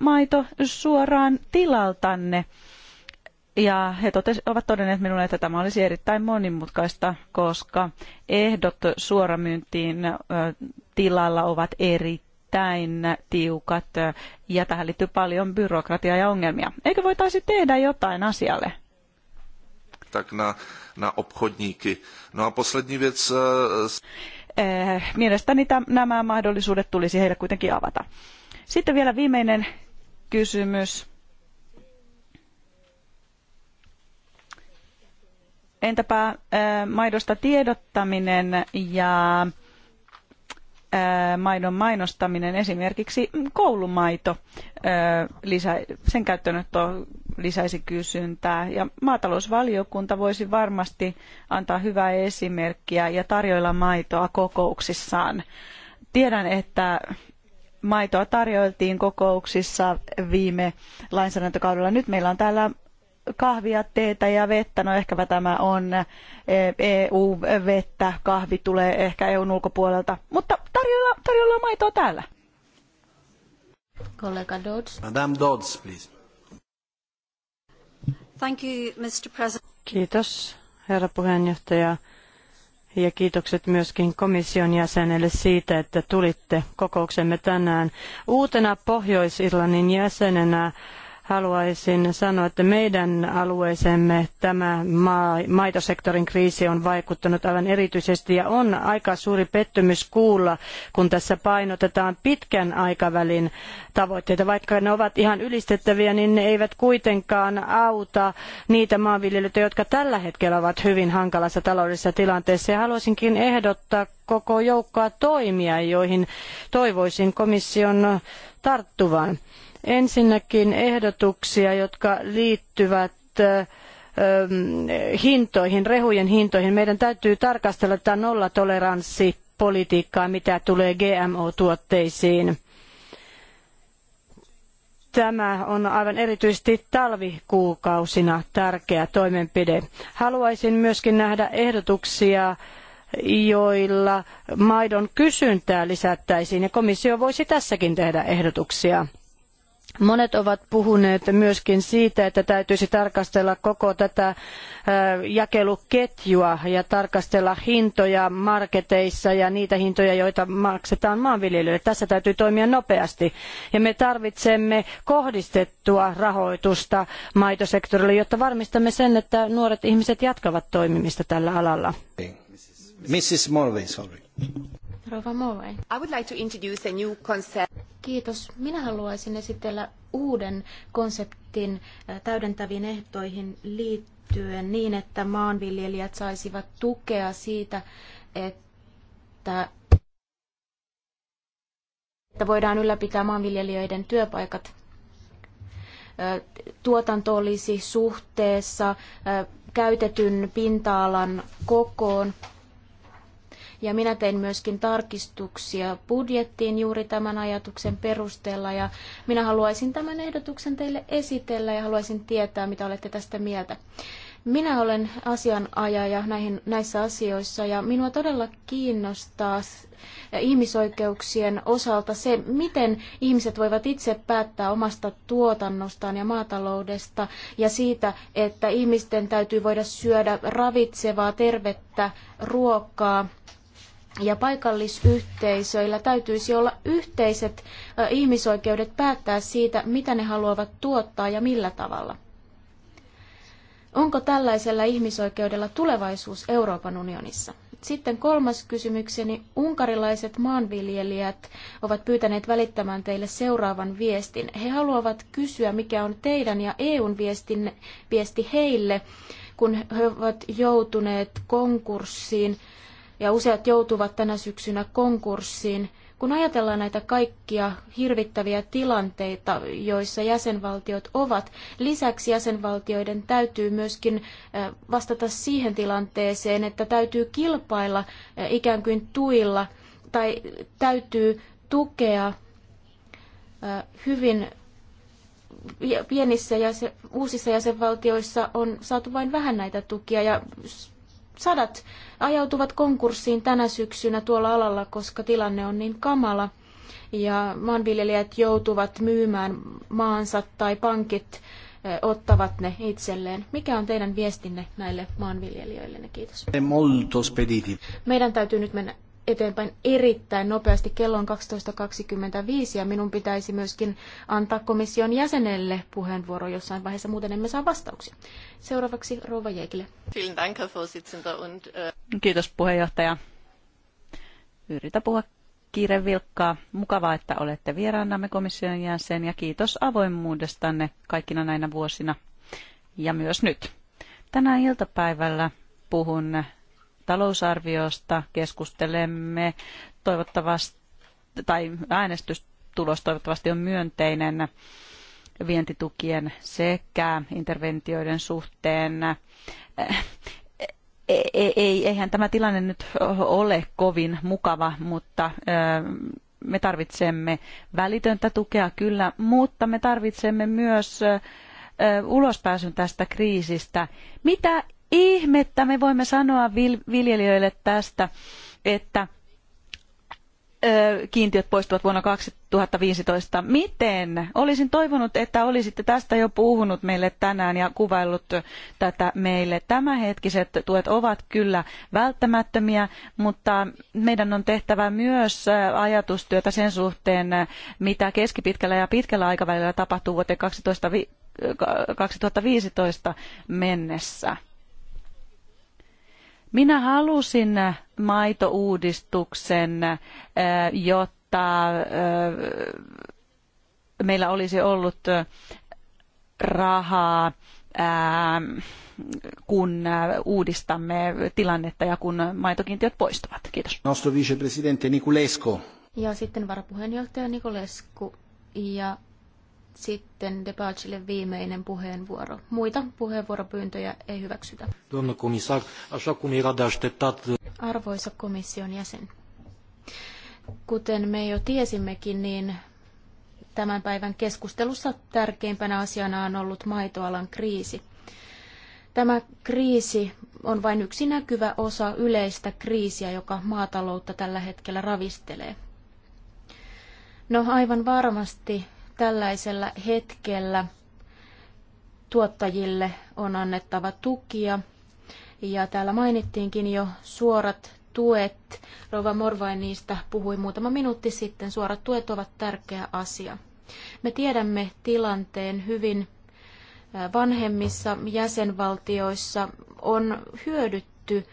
maito suoraan tilaltanne. Ja he totes, ovat todenneet minulle, että tämä olisi erittäin monimutkaista, koska ehdot suoramyyntiin tilalla ovat erittäin tiukat ja tähän liittyy paljon byrokratiaa ja ongelmia. Eikö voitaisi tehdä jotain asialle? tak na, na obchodníky. No a poslední věc. Eh, eh, mielestäni nämä mahdollisuudet tulisi heille kuitenkin avata. Sitten vielä viimeinen kysymys. Entäpä eh, maidosta tiedottaminen ja maidon mainostaminen, esimerkiksi koulumaito, sen käyttöönotto lisäisi kysyntää. Ja maatalousvaliokunta voisi varmasti antaa hyvää esimerkkiä ja tarjoilla maitoa kokouksissaan. Tiedän, että maitoa tarjoiltiin kokouksissa viime lainsäädäntökaudella. Nyt meillä on täällä kahvia, teetä ja vettä. No ehkäpä tämä on EU-vettä, eh, e kahvi tulee ehkä EUn ulkopuolelta, mutta tarjolla, tarjolla maitoa täällä. Kollega Dodds. Madame Dodds, please. Thank you, Mr. President. Kiitos, herra puheenjohtaja. Ja kiitokset myöskin komission jäsenelle siitä, että tulitte kokouksemme tänään. Uutena Pohjois-Irlannin jäsenenä haluaisin sanoa, että meidän alueeseemme tämä maitosektorin kriisi on vaikuttanut aivan erityisesti ja on aika suuri pettymys kuulla, kun tässä painotetaan pitkän aikavälin tavoitteita. Vaikka ne ovat ihan ylistettäviä, niin ne eivät kuitenkaan auta niitä maanviljelijöitä, jotka tällä hetkellä ovat hyvin hankalassa taloudellisessa tilanteessa. Ja haluaisinkin ehdottaa koko joukkoa toimia, joihin toivoisin komission tarttuvan Ensinnäkin ehdotuksia, jotka liittyvät ähm, hintoihin, rehujen hintoihin. Meidän täytyy tarkastella tätä nollatoleranssipolitiikkaa, mitä tulee GMO-tuotteisiin. Tämä on aivan erityisesti talvikuukausina tärkeä toimenpide. Haluaisin myöskin nähdä ehdotuksia joilla maidon kysyntää lisättäisiin ja komissio voisi tässäkin tehdä ehdotuksia Monet ovat puhuneet myöskin siitä, että täytyisi tarkastella koko tätä jakeluketjua ja tarkastella hintoja marketeissa ja niitä hintoja, joita maksetaan maanviljelijöille. Tässä täytyy toimia nopeasti. Ja me tarvitsemme kohdistettua rahoitusta maitosektorille, jotta varmistamme sen, että nuoret ihmiset jatkavat toimimista tällä alalla. Mrs. sorry. Rova I would like to introduce a new concept. Kiitos. Minä haluaisin esitellä uuden konseptin äh, täydentäviin ehtoihin liittyen niin, että maanviljelijät saisivat tukea siitä, että että voidaan ylläpitää maanviljelijöiden työpaikat. Tuotanto olisi suhteessa käytetyn pinta-alan kokoon ja minä tein myöskin tarkistuksia budjettiin juuri tämän ajatuksen perusteella. Ja minä haluaisin tämän ehdotuksen teille esitellä ja haluaisin tietää, mitä olette tästä mieltä. Minä olen asianajaja näihin, näissä asioissa ja minua todella kiinnostaa ihmisoikeuksien osalta se, miten ihmiset voivat itse päättää omasta tuotannostaan ja maataloudesta ja siitä, että ihmisten täytyy voida syödä ravitsevaa, tervettä ruokaa ja paikallisyhteisöillä täytyisi olla yhteiset ihmisoikeudet päättää siitä, mitä ne haluavat tuottaa ja millä tavalla. Onko tällaisella ihmisoikeudella tulevaisuus Euroopan unionissa? Sitten kolmas kysymykseni. Unkarilaiset maanviljelijät ovat pyytäneet välittämään teille seuraavan viestin. He haluavat kysyä, mikä on teidän ja EUn viestin, viesti heille, kun he ovat joutuneet konkurssiin ja useat joutuvat tänä syksynä konkurssiin. Kun ajatellaan näitä kaikkia hirvittäviä tilanteita, joissa jäsenvaltiot ovat, lisäksi jäsenvaltioiden täytyy myöskin vastata siihen tilanteeseen, että täytyy kilpailla ikään kuin tuilla tai täytyy tukea hyvin pienissä ja jäsen, uusissa jäsenvaltioissa on saatu vain vähän näitä tukia ja sadat ajautuvat konkurssiin tänä syksynä tuolla alalla, koska tilanne on niin kamala. Ja maanviljelijät joutuvat myymään maansa tai pankit ottavat ne itselleen. Mikä on teidän viestinne näille maanviljelijöille? Kiitos. spediti. Meidän täytyy nyt mennä eteenpäin erittäin nopeasti. Kello on 12.25 ja minun pitäisi myöskin antaa komission jäsenelle puheenvuoro jossain vaiheessa, muuten emme saa vastauksia. Seuraavaksi Rouva Jeekille. Äh, kiitos puheenjohtaja. Yritä puhua kiirevilkkaa. Mukavaa, että olette vieraanamme komission jäsen ja kiitos avoimuudestanne kaikkina näinä vuosina ja myös nyt. Tänään iltapäivällä puhun talousarviosta keskustelemme toivottavasti, tai äänestystulos toivottavasti on myönteinen vientitukien sekä interventioiden suhteen. Eh, e, e, ei, eihän tämä tilanne nyt ole kovin mukava, mutta me tarvitsemme välitöntä tukea kyllä, mutta me tarvitsemme myös ulospääsyn tästä kriisistä. Mitä ihmettä me voimme sanoa viljelijöille tästä, että kiintiöt poistuvat vuonna 2015. Miten? Olisin toivonut, että olisitte tästä jo puhunut meille tänään ja kuvaillut tätä meille. Tämänhetkiset tuet ovat kyllä välttämättömiä, mutta meidän on tehtävä myös ajatustyötä sen suhteen, mitä keskipitkällä ja pitkällä aikavälillä tapahtuu vuoteen 2015 mennessä. Minä halusin maitouudistuksen, jotta meillä olisi ollut rahaa, kun uudistamme tilannetta ja kun maitokiintiöt poistuvat. Kiitos. vicepresidente Niculescu. Ja sitten varapuheenjohtaja Niculescu ja sitten Debacille viimeinen puheenvuoro. Muita puheenvuoropyyntöjä ei hyväksytä. Arvoisa komission jäsen, kuten me jo tiesimmekin, niin tämän päivän keskustelussa tärkeimpänä asiana on ollut maitoalan kriisi. Tämä kriisi on vain yksi näkyvä osa yleistä kriisiä, joka maataloutta tällä hetkellä ravistelee. No aivan varmasti Tällaisella hetkellä tuottajille on annettava tukia. Ja täällä mainittiinkin jo suorat tuet. Rova Morvain niistä puhui muutama minuutti sitten. Suorat tuet ovat tärkeä asia. Me tiedämme tilanteen hyvin. Vanhemmissa jäsenvaltioissa on hyödytty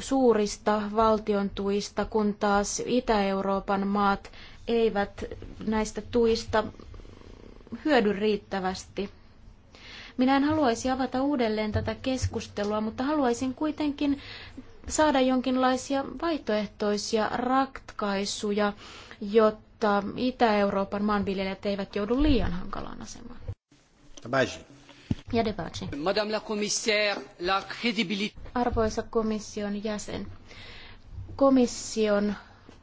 suurista valtion tuista, kun taas Itä-Euroopan maat eivät näistä tuista hyödy riittävästi. Minä en haluaisi avata uudelleen tätä keskustelua, mutta haluaisin kuitenkin saada jonkinlaisia vaihtoehtoisia ratkaisuja, jotta Itä-Euroopan maanviljelijät eivät joudu liian hankalaan asemaan. Arvoisa komission jäsen, komission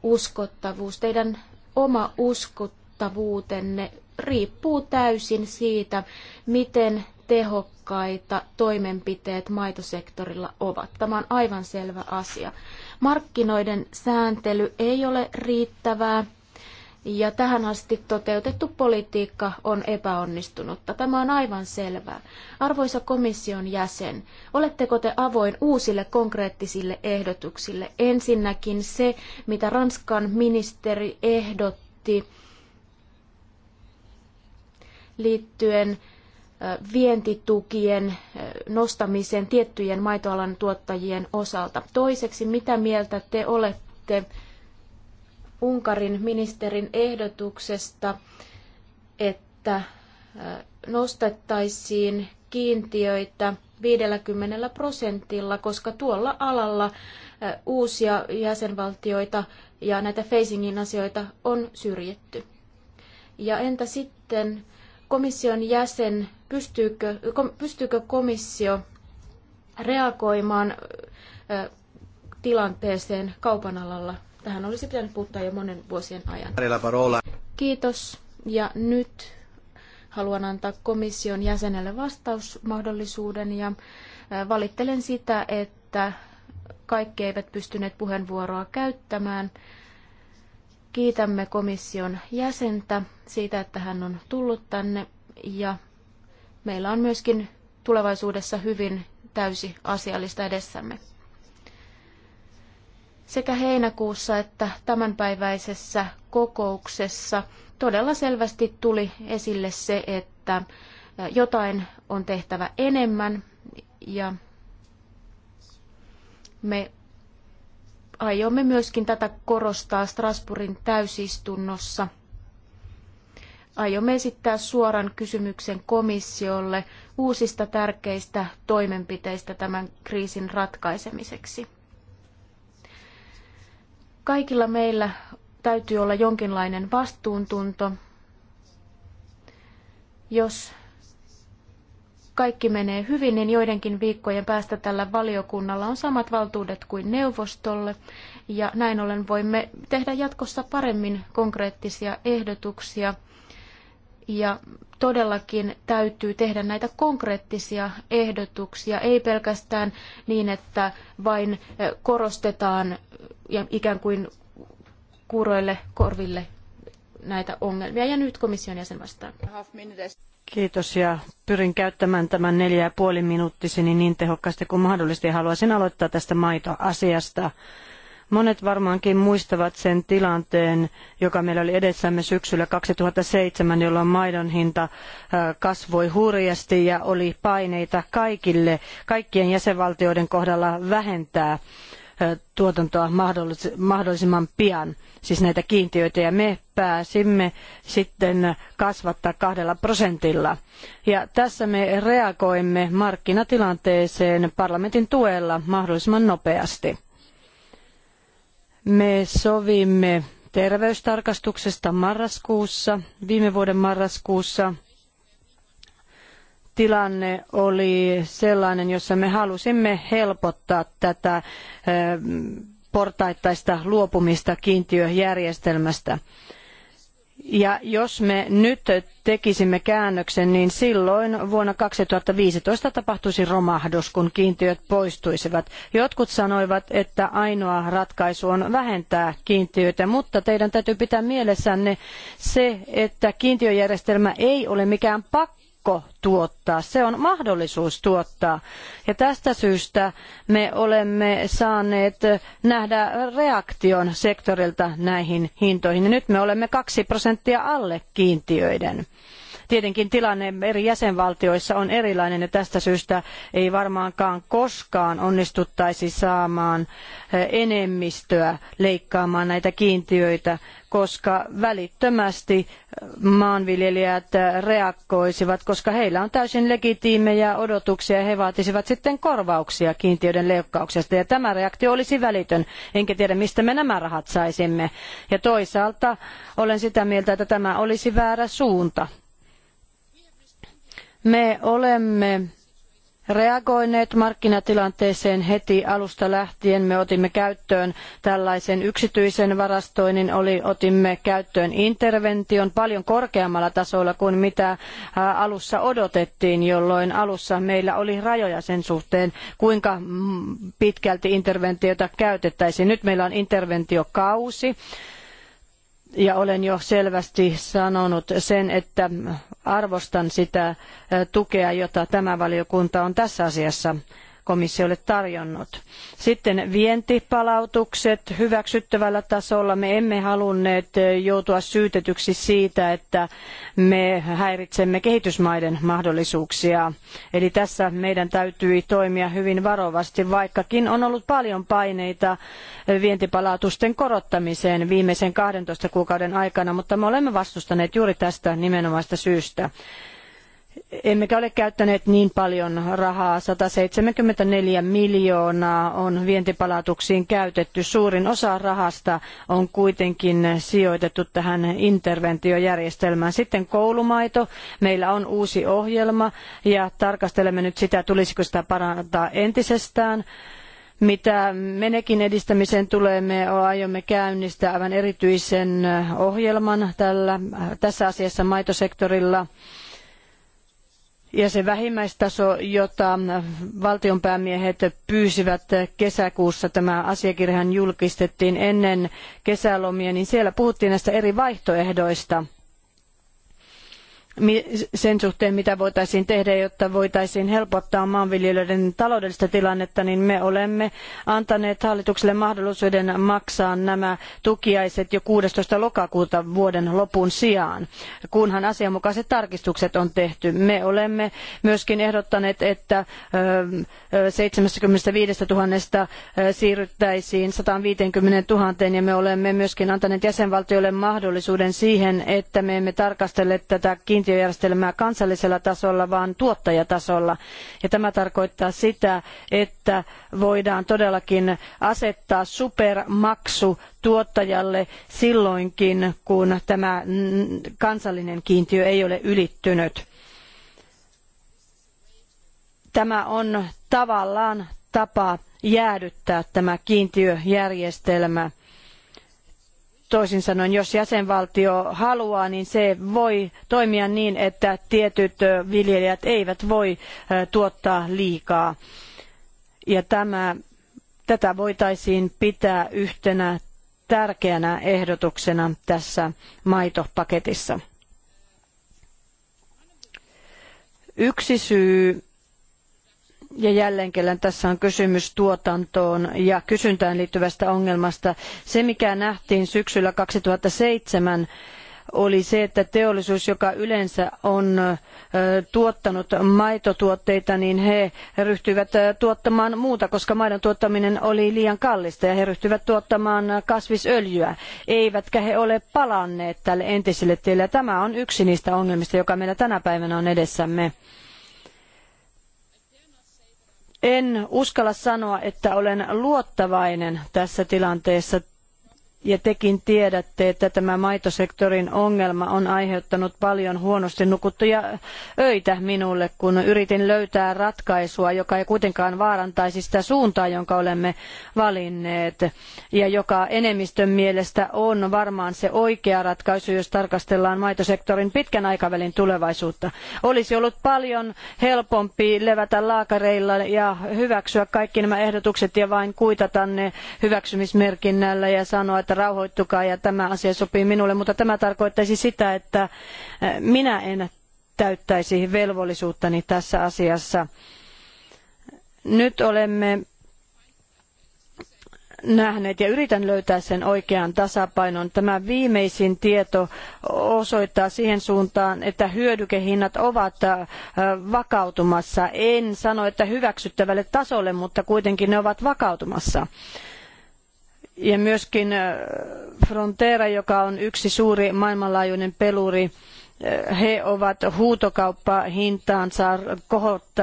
uskottavuus, teidän oma uskottavuutenne riippuu täysin siitä, miten tehokkaita toimenpiteet maitosektorilla ovat. Tämä on aivan selvä asia. Markkinoiden sääntely ei ole riittävää ja tähän asti toteutettu politiikka on epäonnistunutta. Tämä on aivan selvää. Arvoisa komission jäsen, oletteko te avoin uusille konkreettisille ehdotuksille? Ensinnäkin se, mitä Ranskan ministeri ehdotti liittyen vientitukien nostamiseen tiettyjen maitoalan tuottajien osalta. Toiseksi, mitä mieltä te olette Unkarin ministerin ehdotuksesta, että äh, nostettaisiin kiintiöitä 50 prosentilla, koska tuolla alalla äh, uusia jäsenvaltioita ja näitä phasingin asioita on syrjitty. Ja entä sitten komission jäsen, pystyykö, pystyykö komissio reagoimaan äh, tilanteeseen kaupan alalla Tähän olisi pitänyt puuttua jo monen vuosien ajan. Kiitos. Ja nyt haluan antaa komission jäsenelle vastausmahdollisuuden ja valittelen sitä, että kaikki eivät pystyneet puheenvuoroa käyttämään. Kiitämme komission jäsentä siitä, että hän on tullut tänne ja meillä on myöskin tulevaisuudessa hyvin täysi asiallista edessämme sekä heinäkuussa että tämänpäiväisessä kokouksessa todella selvästi tuli esille se, että jotain on tehtävä enemmän ja me aiomme myöskin tätä korostaa Strasbourgin täysistunnossa. Aiomme esittää suoran kysymyksen komissiolle uusista tärkeistä toimenpiteistä tämän kriisin ratkaisemiseksi. Kaikilla meillä täytyy olla jonkinlainen vastuuntunto. Jos kaikki menee hyvin, niin joidenkin viikkojen päästä tällä valiokunnalla on samat valtuudet kuin neuvostolle. Ja näin ollen voimme tehdä jatkossa paremmin konkreettisia ehdotuksia ja todellakin täytyy tehdä näitä konkreettisia ehdotuksia, ei pelkästään niin, että vain eh, korostetaan eh, ja ikään kuin kuuroille korville näitä ongelmia. Ja nyt komission jäsen vastaa. Kiitos ja pyrin käyttämään tämän neljä ja puoli minuuttiseni niin tehokkaasti kuin mahdollisesti. Haluaisin aloittaa tästä maitoasiasta. asiasta Monet varmaankin muistavat sen tilanteen, joka meillä oli edessämme syksyllä 2007, jolloin maidon hinta äh, kasvoi hurjasti ja oli paineita kaikille, kaikkien jäsenvaltioiden kohdalla vähentää äh, tuotantoa mahdollisimman pian, siis näitä kiintiöitä, ja me pääsimme sitten kasvattaa kahdella prosentilla. Ja tässä me reagoimme markkinatilanteeseen parlamentin tuella mahdollisimman nopeasti. Me sovimme terveystarkastuksesta marraskuussa, viime vuoden marraskuussa. Tilanne oli sellainen, jossa me halusimme helpottaa tätä eh, portaittaista luopumista kiintiöjärjestelmästä. Ja jos me nyt tekisimme käännöksen, niin silloin vuonna 2015 tapahtuisi romahdus, kun kiintiöt poistuisivat. Jotkut sanoivat, että ainoa ratkaisu on vähentää kiintiöitä, mutta teidän täytyy pitää mielessänne se, että kiintiöjärjestelmä ei ole mikään pakko pakko tuottaa, se on mahdollisuus tuottaa. Ja tästä syystä me olemme saaneet nähdä reaktion sektorilta näihin hintoihin. Ja nyt me olemme kaksi prosenttia alle kiintiöiden. Tietenkin tilanne eri jäsenvaltioissa on erilainen ja tästä syystä ei varmaankaan koskaan onnistuttaisi saamaan eh, enemmistöä leikkaamaan näitä kiintiöitä, koska välittömästi eh, maanviljelijät eh, reagoisivat, koska heillä on täysin legitiimejä odotuksia ja he vaatisivat sitten korvauksia kiintiöiden leikkauksesta. Ja tämä reaktio olisi välitön, enkä tiedä mistä me nämä rahat saisimme. Ja toisaalta olen sitä mieltä, että tämä olisi väärä suunta. Me olemme reagoineet markkinatilanteeseen heti alusta lähtien. Me otimme käyttöön tällaisen yksityisen varastoinnin, oli, otimme käyttöön intervention paljon korkeammalla tasolla kuin mitä alussa odotettiin, jolloin alussa meillä oli rajoja sen suhteen, kuinka mm, pitkälti interventiota käytettäisiin. Nyt meillä on interventiokausi ja olen jo selvästi sanonut sen, että arvostan sitä tukea, jota tämä valiokunta on tässä asiassa komissiolle tarjonnut. Sitten vientipalautukset hyväksyttävällä tasolla. Me emme halunneet joutua syytetyksi siitä, että me häiritsemme kehitysmaiden mahdollisuuksia. Eli tässä meidän täytyi toimia hyvin varovasti, vaikkakin on ollut paljon paineita vientipalautusten korottamiseen viimeisen 12 kuukauden aikana, mutta me olemme vastustaneet juuri tästä nimenomaista syystä emmekä ole käyttäneet niin paljon rahaa. 174 miljoonaa on vientipalautuksiin käytetty. Suurin osa rahasta on kuitenkin sijoitettu tähän interventiojärjestelmään. Sitten koulumaito. Meillä on uusi ohjelma ja tarkastelemme nyt sitä, tulisiko sitä parantaa entisestään. Mitä menekin edistämiseen tulee, me aiomme käynnistää aivan erityisen ohjelman tällä, tässä asiassa maitosektorilla ja se vähimmäistaso, jota valtionpäämiehet pyysivät kesäkuussa, tämä asiakirjahan julkistettiin ennen kesälomia, niin siellä puhuttiin näistä eri vaihtoehdoista – sen suhteen, mitä voitaisiin tehdä, jotta voitaisiin helpottaa maanviljelijöiden taloudellista tilannetta, niin me olemme antaneet hallitukselle mahdollisuuden maksaa nämä tukiaiset jo 16. lokakuuta vuoden lopun sijaan, kunhan asianmukaiset tarkistukset on tehty. Me olemme myöskin ehdottaneet, että 75 000 siirryttäisiin 150 000 ja me olemme myöskin antaneet jäsenvaltioille mahdollisuuden siihen, että me emme tarkastele tätä kiintiöjärjestelmää kansallisella tasolla, vaan tuottajatasolla. Ja tämä tarkoittaa sitä, että voidaan todellakin asettaa supermaksu tuottajalle silloinkin, kun tämä kansallinen kiintiö ei ole ylittynyt. Tämä on tavallaan tapa jäädyttää tämä kiintiöjärjestelmä Toisin sanoen, jos jäsenvaltio haluaa, niin se voi toimia niin, että tietyt viljelijät eivät voi tuottaa liikaa. Ja tämä, tätä voitaisiin pitää yhtenä tärkeänä ehdotuksena tässä maitopaketissa. Yksi syy ja jälleen kerran tässä on kysymys tuotantoon ja kysyntään liittyvästä ongelmasta. Se, mikä nähtiin syksyllä 2007, oli se, että teollisuus, joka yleensä on tuottanut maitotuotteita, niin he ryhtyivät tuottamaan muuta, koska maidon tuottaminen oli liian kallista ja he ryhtyivät tuottamaan kasvisöljyä. Eivätkä he ole palanneet tälle entiselle tielle. Tämä on yksi niistä ongelmista, joka meillä tänä päivänä on edessämme. En uskalla sanoa, että olen luottavainen tässä tilanteessa. Ja tekin tiedätte, että tämä maitosektorin ongelma on aiheuttanut paljon huonosti nukuttuja öitä minulle, kun yritin löytää ratkaisua, joka ei kuitenkaan vaarantaisi sitä suuntaa, jonka olemme valinneet, ja joka enemmistön mielestä on varmaan se oikea ratkaisu, jos tarkastellaan maitosektorin pitkän aikavälin tulevaisuutta. Olisi ollut paljon helpompi levätä laakareilla ja hyväksyä kaikki nämä ehdotukset ja vain kuitata ne hyväksymismerkinnällä ja sanoa, että rauhoittukaa ja tämä asia sopii minulle, mutta tämä tarkoittaisi sitä, että minä en täyttäisi velvollisuuttani tässä asiassa. Nyt olemme nähneet ja yritän löytää sen oikean tasapainon. Tämä viimeisin tieto osoittaa siihen suuntaan, että hyödykehinnat ovat vakautumassa. En sano, että hyväksyttävälle tasolle, mutta kuitenkin ne ovat vakautumassa ja myöskin äh, Frontera, joka on yksi suuri maailmanlaajuinen peluri, äh, he ovat huutokauppahintaansa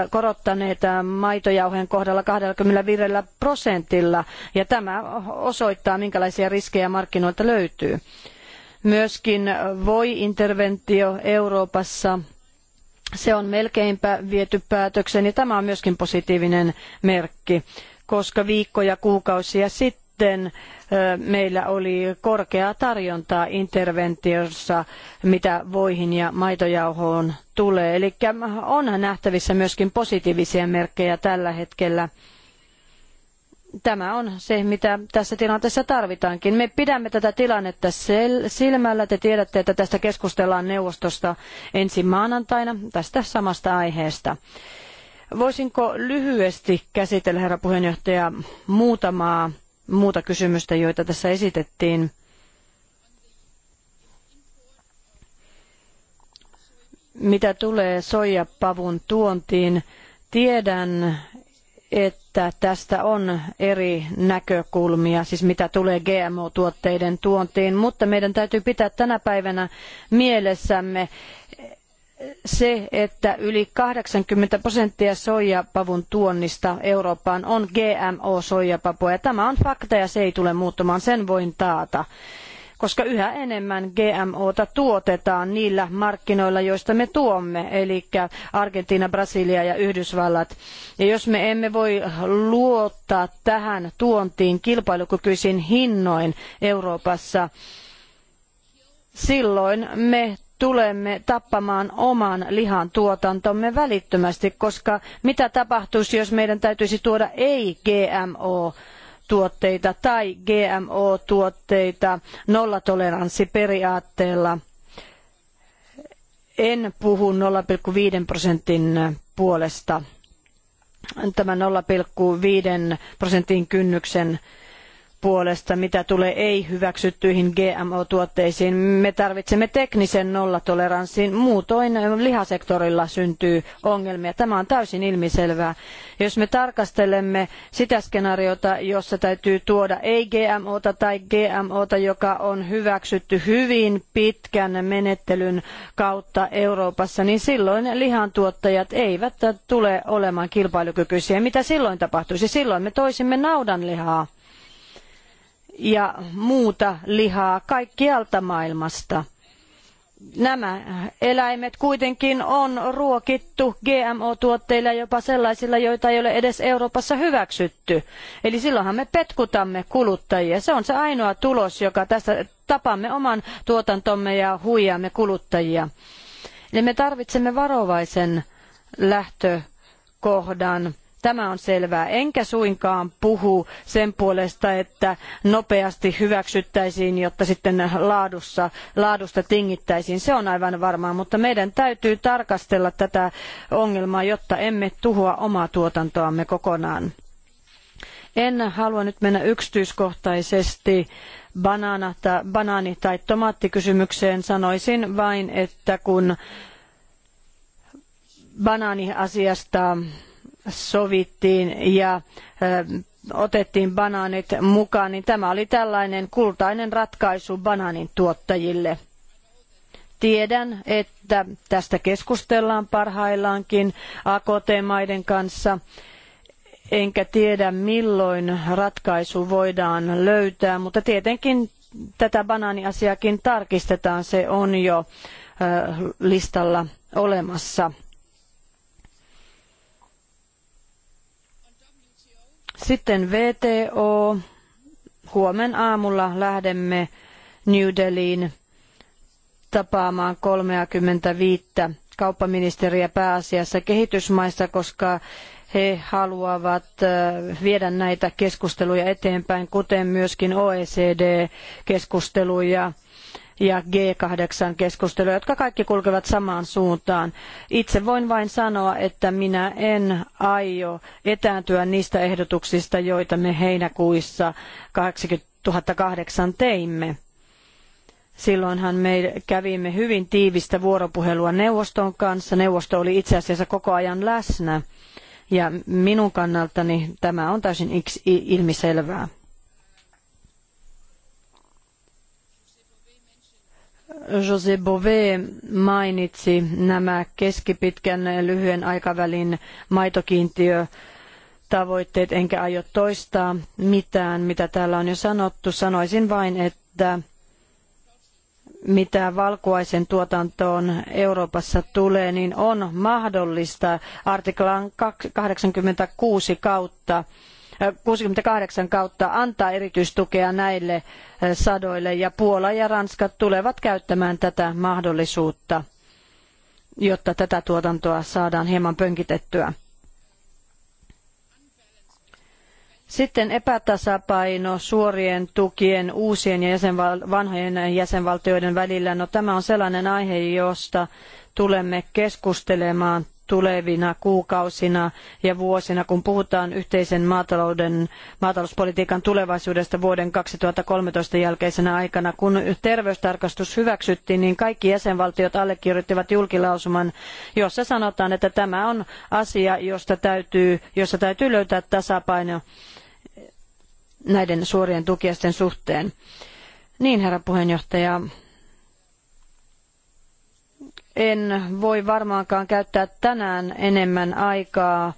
korottaneet äh, maitojauheen kohdalla 25 prosentilla ja tämä osoittaa minkälaisia riskejä markkinoilta löytyy. Myöskin voi interventio Euroopassa se on melkeinpä viety päätökseen ja tämä on myöskin positiivinen merkki, koska viikkoja kuukausia sitten sitten meillä oli korkeaa tarjontaa interventiossa, mitä voihin ja maitojauhoon tulee. Eli onhan nähtävissä myöskin positiivisia merkkejä tällä hetkellä. Tämä on se, mitä tässä tilanteessa tarvitaankin. Me pidämme tätä tilannetta silmällä. Te tiedätte, että tästä keskustellaan neuvostosta ensi maanantaina tästä samasta aiheesta. Voisinko lyhyesti käsitellä, herra puheenjohtaja, muutamaa muuta kysymystä, joita tässä esitettiin. Mitä tulee soijapavun tuontiin, tiedän, että tästä on eri näkökulmia, siis mitä tulee GMO-tuotteiden tuontiin, mutta meidän täytyy pitää tänä päivänä mielessämme, se, että yli 80 prosenttia soijapavun tuonnista Eurooppaan on GMO-soijapapua. Ja tämä on fakta ja se ei tule muuttumaan, sen voin taata koska yhä enemmän GMOta tuotetaan niillä markkinoilla, joista me tuomme, eli Argentiina, Brasilia ja Yhdysvallat. Ja jos me emme voi luottaa tähän tuontiin kilpailukykyisin hinnoin Euroopassa, silloin me tulemme tappamaan oman lihan tuotantomme välittömästi, koska mitä tapahtuisi, jos meidän täytyisi tuoda ei-GMO tuotteita tai GMO tuotteita nollatoleranssiperiaatteella. En puhu 0,5 prosentin puolesta tämän 0,5 prosentin kynnyksen puolesta, mitä tulee ei-hyväksyttyihin GMO-tuotteisiin. Me tarvitsemme teknisen nollatoleranssin, muutoin lihasektorilla syntyy ongelmia. Tämä on täysin ilmiselvää. Jos me tarkastelemme sitä skenaariota, jossa täytyy tuoda ei-GMOta tai GMOta, joka on hyväksytty hyvin pitkän menettelyn kautta Euroopassa, niin silloin lihantuottajat eivät tule olemaan kilpailukykyisiä. Mitä silloin tapahtuisi? Silloin me toisimme naudanlihaa ja muuta lihaa kaikkialta maailmasta. Nämä eläimet kuitenkin on ruokittu GMO-tuotteilla jopa sellaisilla, joita ei ole edes Euroopassa hyväksytty. Eli silloinhan me petkutamme kuluttajia. Se on se ainoa tulos, joka tästä tapamme oman tuotantomme ja huijaamme kuluttajia. Eli me tarvitsemme varovaisen lähtökohdan Tämä on selvää. Enkä suinkaan puhu sen puolesta, että nopeasti hyväksyttäisiin, jotta sitten laadussa, laadusta tingittäisiin. Se on aivan varmaa, mutta meidän täytyy tarkastella tätä ongelmaa, jotta emme tuhoa omaa tuotantoamme kokonaan. En halua nyt mennä yksityiskohtaisesti banaana, banaani- tai tomaattikysymykseen. Sanoisin vain, että kun banaaniasiasta asiasta sovittiin ja otettiin banaanit mukaan, niin tämä oli tällainen kultainen ratkaisu banaanin tuottajille. Tiedän, että tästä keskustellaan parhaillaankin AKT-maiden kanssa, enkä tiedä milloin ratkaisu voidaan löytää, mutta tietenkin tätä banaaniasiakin tarkistetaan, se on jo listalla olemassa. Sitten VTO. Huomenna aamulla lähdemme New Deliin tapaamaan 35 kauppaministeriä pääasiassa kehitysmaista, koska he haluavat viedä näitä keskusteluja eteenpäin, kuten myöskin OECD-keskusteluja ja g 8 keskusteluja, jotka kaikki kulkevat samaan suuntaan. Itse voin vain sanoa, että minä en aio etääntyä niistä ehdotuksista, joita me heinäkuussa 2008 teimme. Silloinhan me kävimme hyvin tiivistä vuoropuhelua neuvoston kanssa. Neuvosto oli itse asiassa koko ajan läsnä. Ja minun kannaltani tämä on täysin ilmiselvää. Jose Bove mainitsi nämä keskipitkän lyhyen aikavälin maitokiintiö tavoitteet, enkä aio toistaa mitään, mitä täällä on jo sanottu. Sanoisin vain, että mitä valkuaisen tuotantoon Euroopassa tulee, niin on mahdollista artiklan 86 kautta 68 kautta antaa erityistukea näille eh, sadoille ja Puola ja Ranska tulevat käyttämään tätä mahdollisuutta, jotta tätä tuotantoa saadaan hieman pönkitettyä. Sitten epätasapaino suorien tukien uusien ja jäsenval- vanhojen jäsenvaltioiden välillä. No, tämä on sellainen aihe, josta tulemme keskustelemaan tulevina kuukausina ja vuosina, kun puhutaan yhteisen maatalouden, maatalouspolitiikan tulevaisuudesta vuoden 2013 jälkeisenä aikana. Kun terveystarkastus hyväksyttiin, niin kaikki jäsenvaltiot allekirjoittivat julkilausuman, jossa sanotaan, että tämä on asia, josta täytyy, jossa täytyy löytää tasapaino näiden suorien tukiasten suhteen. Niin, herra puheenjohtaja, en voi varmaankaan käyttää tänään enemmän aikaa,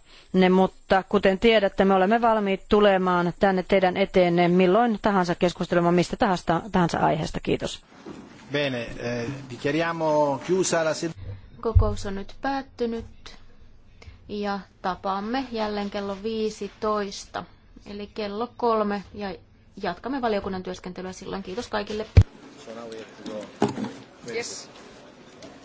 mutta kuten tiedätte, me olemme valmiit tulemaan tänne teidän eteenne milloin tahansa keskustelemaan mistä tahansa, tahansa aiheesta. Kiitos. Bene, eh, la Kokous on nyt päättynyt ja tapaamme jälleen kello 15, eli kello kolme ja jatkamme valiokunnan työskentelyä silloin. Kiitos kaikille. Yes.